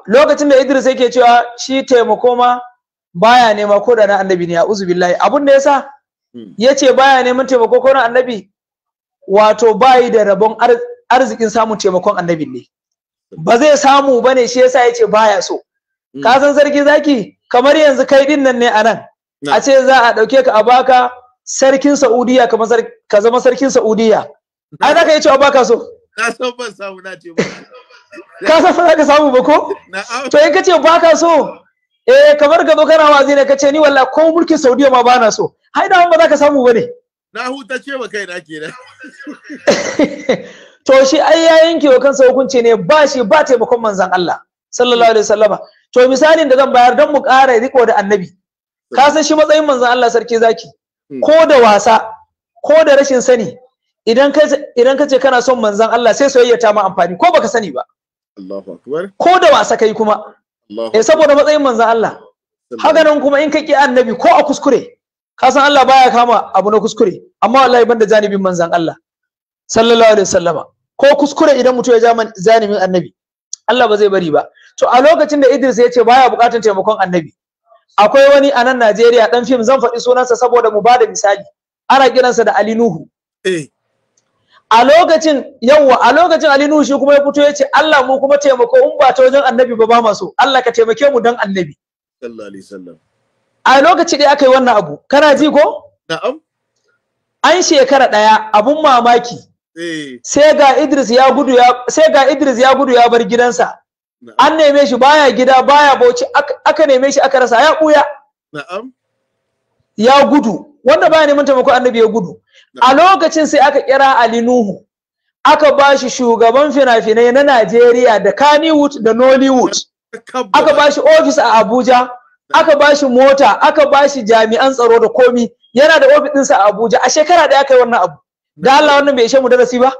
lokacin da Idris yake cewa shi taimako ma baya nema ko da na annabi ne a'udhu billahi abun da yasa hmm. yace baya neman taimako ko na annabi wato bayi da rabon arzikin samun taimakon annabin ne ba zai samu ba ne shi yasa ya ce baya so hmm. ka san sarki zaki kamar yanzu kai din nan ne a nan a ce za a ɗauke ka a baka sarkin saudiya ka zama sarkin saudiya ai za ka yi cewa baka so ka san ban samu na ce ba ka san ka samu ba ko to in ka ce baka so eh kamar ka zo kana wazi ne ka ce ni wallahi ko mulkin saudiya ma bana so hai da ba za ka samu ba ne na huta ce ba kai na kenan to shi ai ya yanke wa kansa hukunci ne ba shi ba taimakon manzon Allah sallallahu alaihi wasallama to misalin da zan bayar don mu ƙara riko da annabi ka san shi matsayin manzon Allah sarki zaki hmm. ko da wasa ko da rashin sani idan ka idan ka ce kana son manzon Allah sai soyayya ta ma amfani ko baka sani ba Allahu akbar ko da wasa kai kuma eh saboda matsayin manzon Allah haka nan kuma in ka ki annabi ko a kuskure ka san Allah baya kama abu na kuskure amma wallahi banda janibin manzon Allah sallallahu alaihi wasallama ko kuskure idan mutum ya ja zanimin annabi Allah ba zai bari ba to a lokacin da Idris ya ce baya bukatar taimakon annabi akwai wani a nan Najeriya dan fim zan faɗi sunansa saboda mu bada misali ana kiransa da Ali Nuhu eh a lokacin yawa a lokacin Ali Nuhu shi kuma ya fito ya ce Allah mu kuma taimako in ba ta wajen annabi ba ba ma so Allah ka taimake mu dan annabi sallallahu alaihi wasallam a lokaci da aka yi wannan abu kana ji ko na'am an shekara daya abun mamaki Eh. sai ga Idris ya gudu ya bar gidansa an neme shi baya gida baya bauchi aka neme shi aka rasa ya buya ya gudu wanda baya neman taimako annabi ya gudu a lokacin sai aka kira Ali Nuhu aka ba shi shugaban fina-finai na Najeriya da Kannywood da Nollywood aka ba shi ofis a Abuja aka ba shi mota aka ba shi jami'an tsaro da komi yana da ofis ɗinsa a Abuja a shekara da aka yi wannan abu da Allah wannan bai ishe mu darasi ba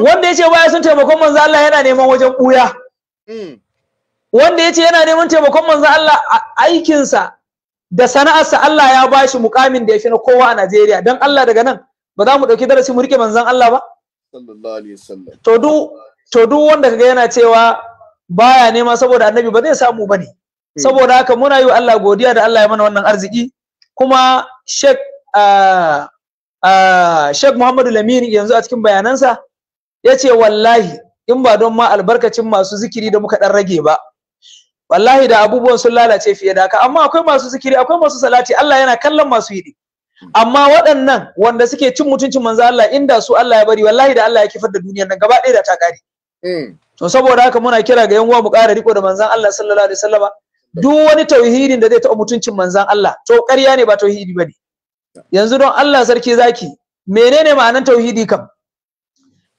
wanda yace baya sun taimakon manzo Allah yana neman wajen buya mm. wanda yace yana neman taimakon manzo Allah aikinsa da sana'ar sa Allah ya bashi mukamin da ya fi na kowa a Najeriya dan Allah daga nan ba za mu ɗauki darasi mu rike manzon Allah ba sallallahu alaihi wasallam to du to du wanda kaga yana cewa baya nema saboda annabi ba zai samu bane mm. saboda haka muna yi wa Allah godiya da Allah ya mana wannan arziki kuma Sheikh ah, Ah, Sheikh Muhammadu Lamini yanzu a cikin bayanansa ya ce wallahi in ba don ma albarkacin masu zikiri da muka dan rage ba wallahi da abubuwan sun lalace fiye da haka amma akwai masu zikiri akwai masu salati Allah yana kallon masu yi amma waɗannan wanda suke cin mutuncin manzo Allah inda su Allah ya bari wallahi da Allah ya kifar da duniyar nan gaba ɗaya da ta kare hmm. to saboda haka muna kira ga yan uwa mu ƙara riko da manzon Allah sallallahu alaihi wasallama duk wani tauhidin da zai taɓa mutuncin manzon Allah to ƙarya ne ba tauhidi bane yanzu don Allah sarki zaki menene ma'anar tauhidi kam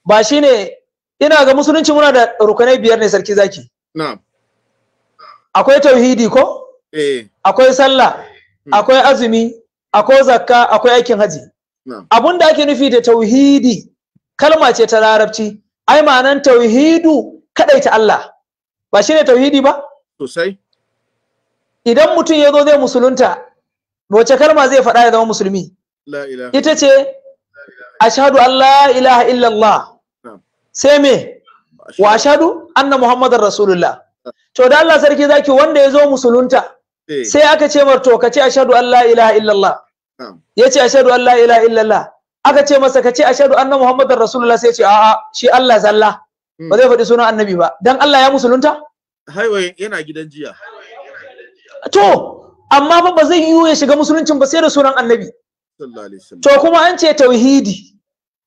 ba shine ina ga musulunci muna da rukunai biyar ne sarki zaki akwai tauhidi ko eh akwai sallah hmm. akwai azumi akwai zakka akwai aikin haji abun da ake nufi da tauhidi kalma ce ta larabci ai ma'anar tauhidu kadaita Allah ba shine tauhidi ba sosai idan mutum ya zo zai musulunta wace kalma zai faɗa ya zama musulmi ita ce ashadu Allah ilaha illallah sai me wa ashadu anna muhammadar rasulullah to da Allah sarki zaki wanda ya zo musulunta eh. sai aka ce marto to ka ce ashadu Allah ilaha illallah ya ce ashadu Allah ilaha illallah aka ce masa ka ce ashadu anna muhammadar rasulullah sai ce a'a shi Allah zalla hmm. ba zai faɗi sunan annabi ba dan Allah ya musulunta haiwa yana gidan jiya to amma fa ba zai yiwu ya shiga musuluncin ba sai da sunan annabi to kuma an ce tauhidi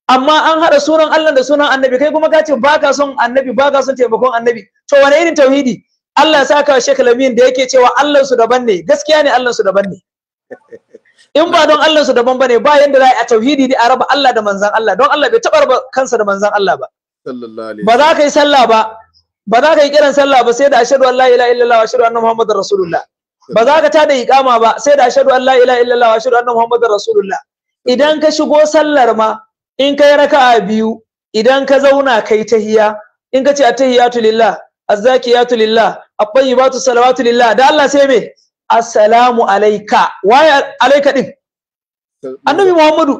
amma an haɗa sunan Allah da sunan annabi kai kuma ka ce ba ka son annabi ba ka son taimakon annabi to wane irin tauhidi Allah ya saka wa Sheikh Lamin da yake cewa Allah su daban ne gaskiya ne Allah su daban ne in ba don Allah su daban bane ba yanda za a tauhidi da araba Allah da manzan Allah don Allah bai taɓa raba kansa da manzan Allah ba ba za ka yi sallah ba ba za ka yi kiran sallah ba sai da ashhadu an la ilaha illallah wa ashhadu anna muhammadar rasulullah ba za ka tada iqama ba sai da ashhadu an la ilaha illallah wa ashhadu anna muhammadar rasulullah idan ka shigo sallar ma in kai raka'a biyu idan ka zauna kai tahiya in ka ce attahiyatu lillah azzakiyatu lillah at-tayyibatu salawatu lillah da Allah sai me assalamu alayka waye alayka din annabi muhammadu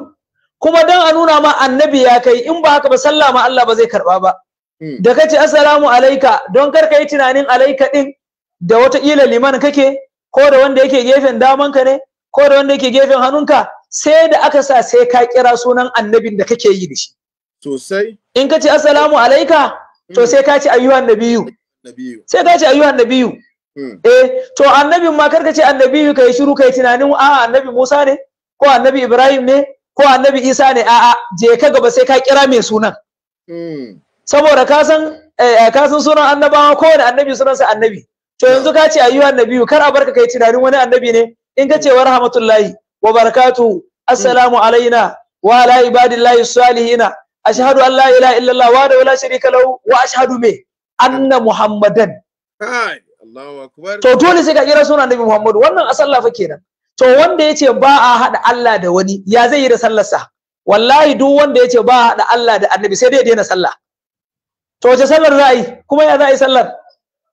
kuma dan a nuna ma annabi ya kai in ba haka ba sallah ma Allah ba zai karba ba hmm. da kace assalamu alayka don kar kai tunanin alayka din da wata ila liman kake ko da wanda yake gefen daman ka ne ko da wanda yake gefen hannunka sai da aka sa sai ka kira sunan annabin da kake yi da shi sosai in ka ce assalamu alaika to sai ka ce ayyuhan nabiyu sai ka ce ayyuhan nabiyu hmm. eh to annabin ma karka ce annabiyu kai shiru kai tunanin a annabi Musa ne ko annabi Ibrahim ne ko annabi Isa ne a'a je ka gaba sai ka kira mai sunan hmm. saboda ka san eh, ka san sunan annabawa kowane annabi sunansa annabi to yanzu ka ce ayyuhan annabiyu kar a barka kai tunanin wani annabi ne in ka ce wa rahmatullahi wa barakatu assalamu alaina wa ala ibadillahi salihina ashhadu an la ilaha illallah wa la sharika lahu wa ashhadu me anna muhammadan to dole sai ka kira sunan annabi muhammadu wannan kenan to wanda yace ba a hada Allah da wani ya zai yi da sallar sa wallahi duk wanda yace ba a hada Allah da annabi sai dai ya daina sallah to wace sallar za a kuma ya za a yi sallar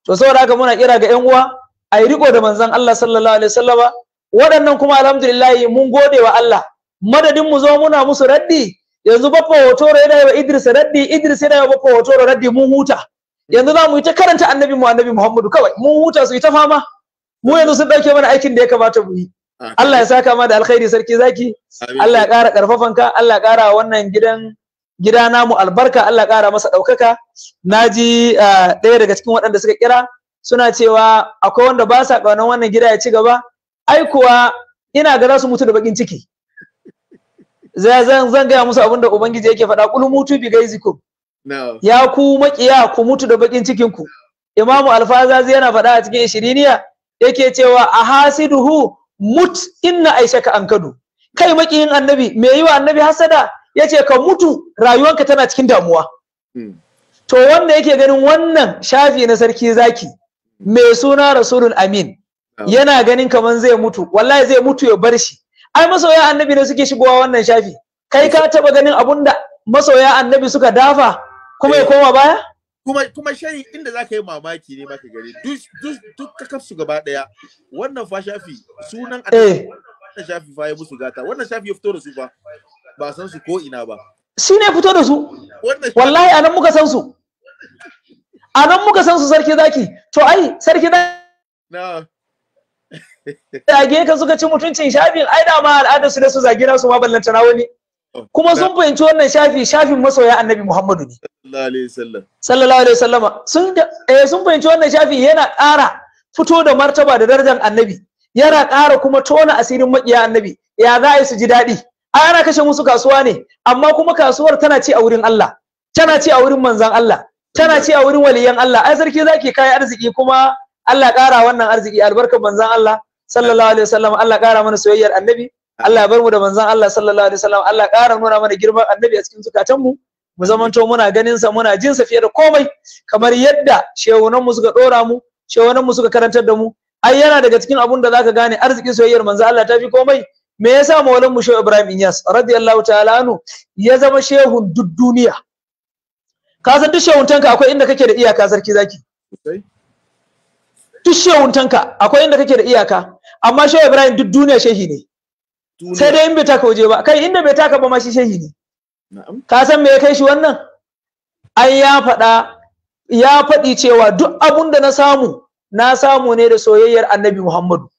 to saboda haka muna kira ga yan uwa ai riko da manzon Allah sallallahu alaihi wasallama waɗannan kuma alhamdulillah mun gode wa Allah madadin mu zo muna musu raddi yanzu baffa hotoro yana yawa Idris raddi Idris yana yawa baffa hotoro raddi mun huta yanzu za mu yi ta karanta annabi mu annabi Muhammadu kawai mun huta su yi ta fama mu yanzu sun dauke mana aikin da ya kamata mu yi Allah ya saka ma da alkhairi sarki zaki Allah ya ƙara ƙarfafanka Allah ya ƙara wannan gidan gida namu albarka Allah ƙara masa ɗaukaka na ji ah, ɗaya daga cikin waɗanda suka kira suna cewa akwai wanda ba sa ƙaunar wannan gida ya ci gaba ai kuwa ina ga za su mutu da baƙin ciki zan gaya musu abin da ubangiji yake faɗa kul mutu bi gaizikum ya ku makiya ku mutu da baƙin cikin ku imamu alfazazi yana faɗa a cikin ishiriniya yake cewa a hasiduhu mut inna aishaka ka kai makiyin annabi me yi wa annabi hasada ya ce ka mutu rayuwanka tana cikin damuwa hmm. to wanda yake ganin wannan shafi na sarki zaki mai suna rasulun amin yana ganin kamar zai mutu wallahi zai mutu ya bar shi ai masoya annabi ne suke shigowa wannan shafi kai ka taba ganin abun da masoya annabi suka dafa kuma ya eh. koma baya kuma kuma shayi inda zaka yi mamaki ne maka gari duk duk duk kakaf gaba daya wannan fa shafi sunan annabi eh. wannan shafi fa ya musu gata wannan shafi ya fito da su fa ba san su ko ina ba shi ne fito da su wallahi anan muka san su anan muka san su sarki zaki to ai sarki zaki zage ka suka ci mutuncin shafin ai da ma al'adar su da su zage su ma ballanta na wani kuma sun fahimci wannan shafi shafin masoya annabi Muhammadu ne sallallahu alaihi wasallam sun eh sun fahimci wannan shafi yana ƙara fito da martaba da darajar annabi yana ƙara kuma tona asirin makiya annabi ya za su ji daɗi ana kashe musu kasuwa ne amma kuma kasuwar tana ci a wurin Allah tana ce a wurin manzan Allah tana ci a wurin waliyan Allah ai sarki zaki kai arziki kuma Allah ƙara wannan arziki albarkar manzan Allah sallallahu alaihi wasallam Allah ƙara mana soyayyar annabi Allah ya bar mu da manzan Allah sallallahu alaihi wasallam Allah ƙara nuna mana girman annabi a cikin zukatan mu mu zamanto muna ganin sa muna jin sa fiye da komai kamar yadda shehunan mu suka dora mu shehunan mu suka karantar da mu ai yana daga cikin abun da zaka gane arziki soyayyar manzan Allah ta fi komai me yasa maulan mu shehu ibrahim inyas radiyallahu ta'ala anu ya zama shehun duk duniya ka san duk tanka akwai inda kake da iyaka sarki zaki duk tanka akwai inda kake da iyaka amma shehu ibrahim duk duniya shehi ne sai dai in bai taka waje ba kai inda bai taka ba ma shi shehi ne ka san me ya kai shi wannan ai ya faɗa ya faɗi cewa duk abun da na samu na samu ne da soyayyar annabi muhammadu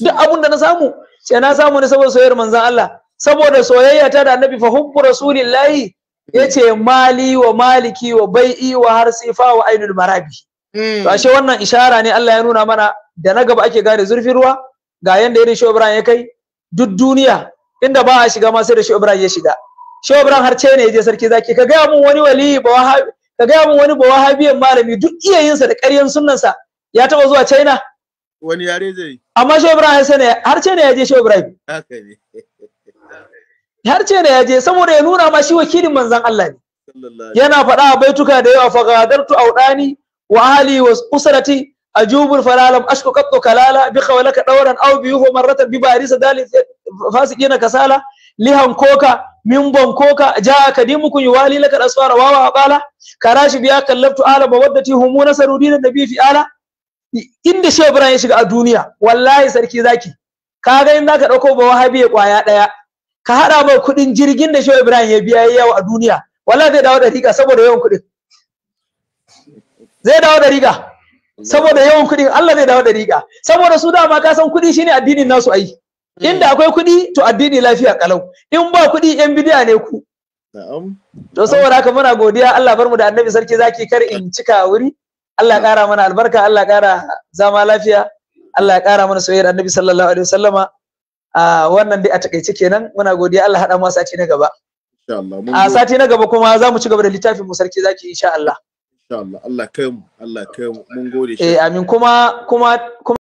Da abun da na samu ce na samu ne saboda soyayyar manzan Allah saboda soyayya ta da annabi fa hubbu rasulillahi yace mali wa maliki wa bai'i wa harsifa wa ainul marabi hmm. to ashe wannan ishara ne Allah ya nuna mana da na gaba ake gane zurfin ruwa ga yanda irin Shehu Ibrahim ya kai duk duniya inda ba a shiga ma sai da Shehu Ibrahim ya shiga Shehu Ibrahim har ce ne ya je sarki zaki ka ga mun wani wali ba wahabi ka ga mun wani ba wahabiyan malami duk iyayensa da ƙaryan sunnansa ya taɓa zuwa China wani yare zai yi amma shehu ibrahim sai ne har ce ne ya je shehu ibrahim har ce ne ya je saboda ya nuna ma shi wakilin manzan Allah ne yana faɗa a baituka da yawa fa gadartu audani wa ahli wa usrati ajubul falalam ashku qattu kalala bi khawlaka dawran aw bi yuhu marratan bi barisa dalil fasikina kasala lihan koka min bon koka jaa kadimukum yuwali laka aswara wa wa bala karashi bi kallabtu ala bawaddati humu nasarudin nabi fi ala inda shi ibrahim ya shiga a duniya wallahi sarki zaki ka ga in zaka dauko ba wahabi ya kwaya daya ka hada mai kudin jirgin da shi ibrahim ya biya yau a duniya wallahi zai dawo da riga saboda yawan kudin zai dawo da riga saboda yawan kudin Allah zai dawo da riga saboda su dama ka san kudi shine addinin nasu ai hmm. inda akwai kudi to addini lafiya kalau in ba kudi yan bidiya ne ku to saboda haka muna godiya Allah bar mu da annabi sarki zaki kar in cika wuri Allah ya ƙara mana albarka Allah ya ƙara zama lafiya Allah ya ƙara mana soyayyar annabi sallallahu alaihi wasallama a wannan dai a takaice kenan muna godiya Allah haɗa mu sati na gaba a sati na gaba kuma za mu ci gaba da littafin mu sarki zaki insha Allah insha Allah Allah kai mu Allah kai mu mun gode eh, shi eh amin kuma kuma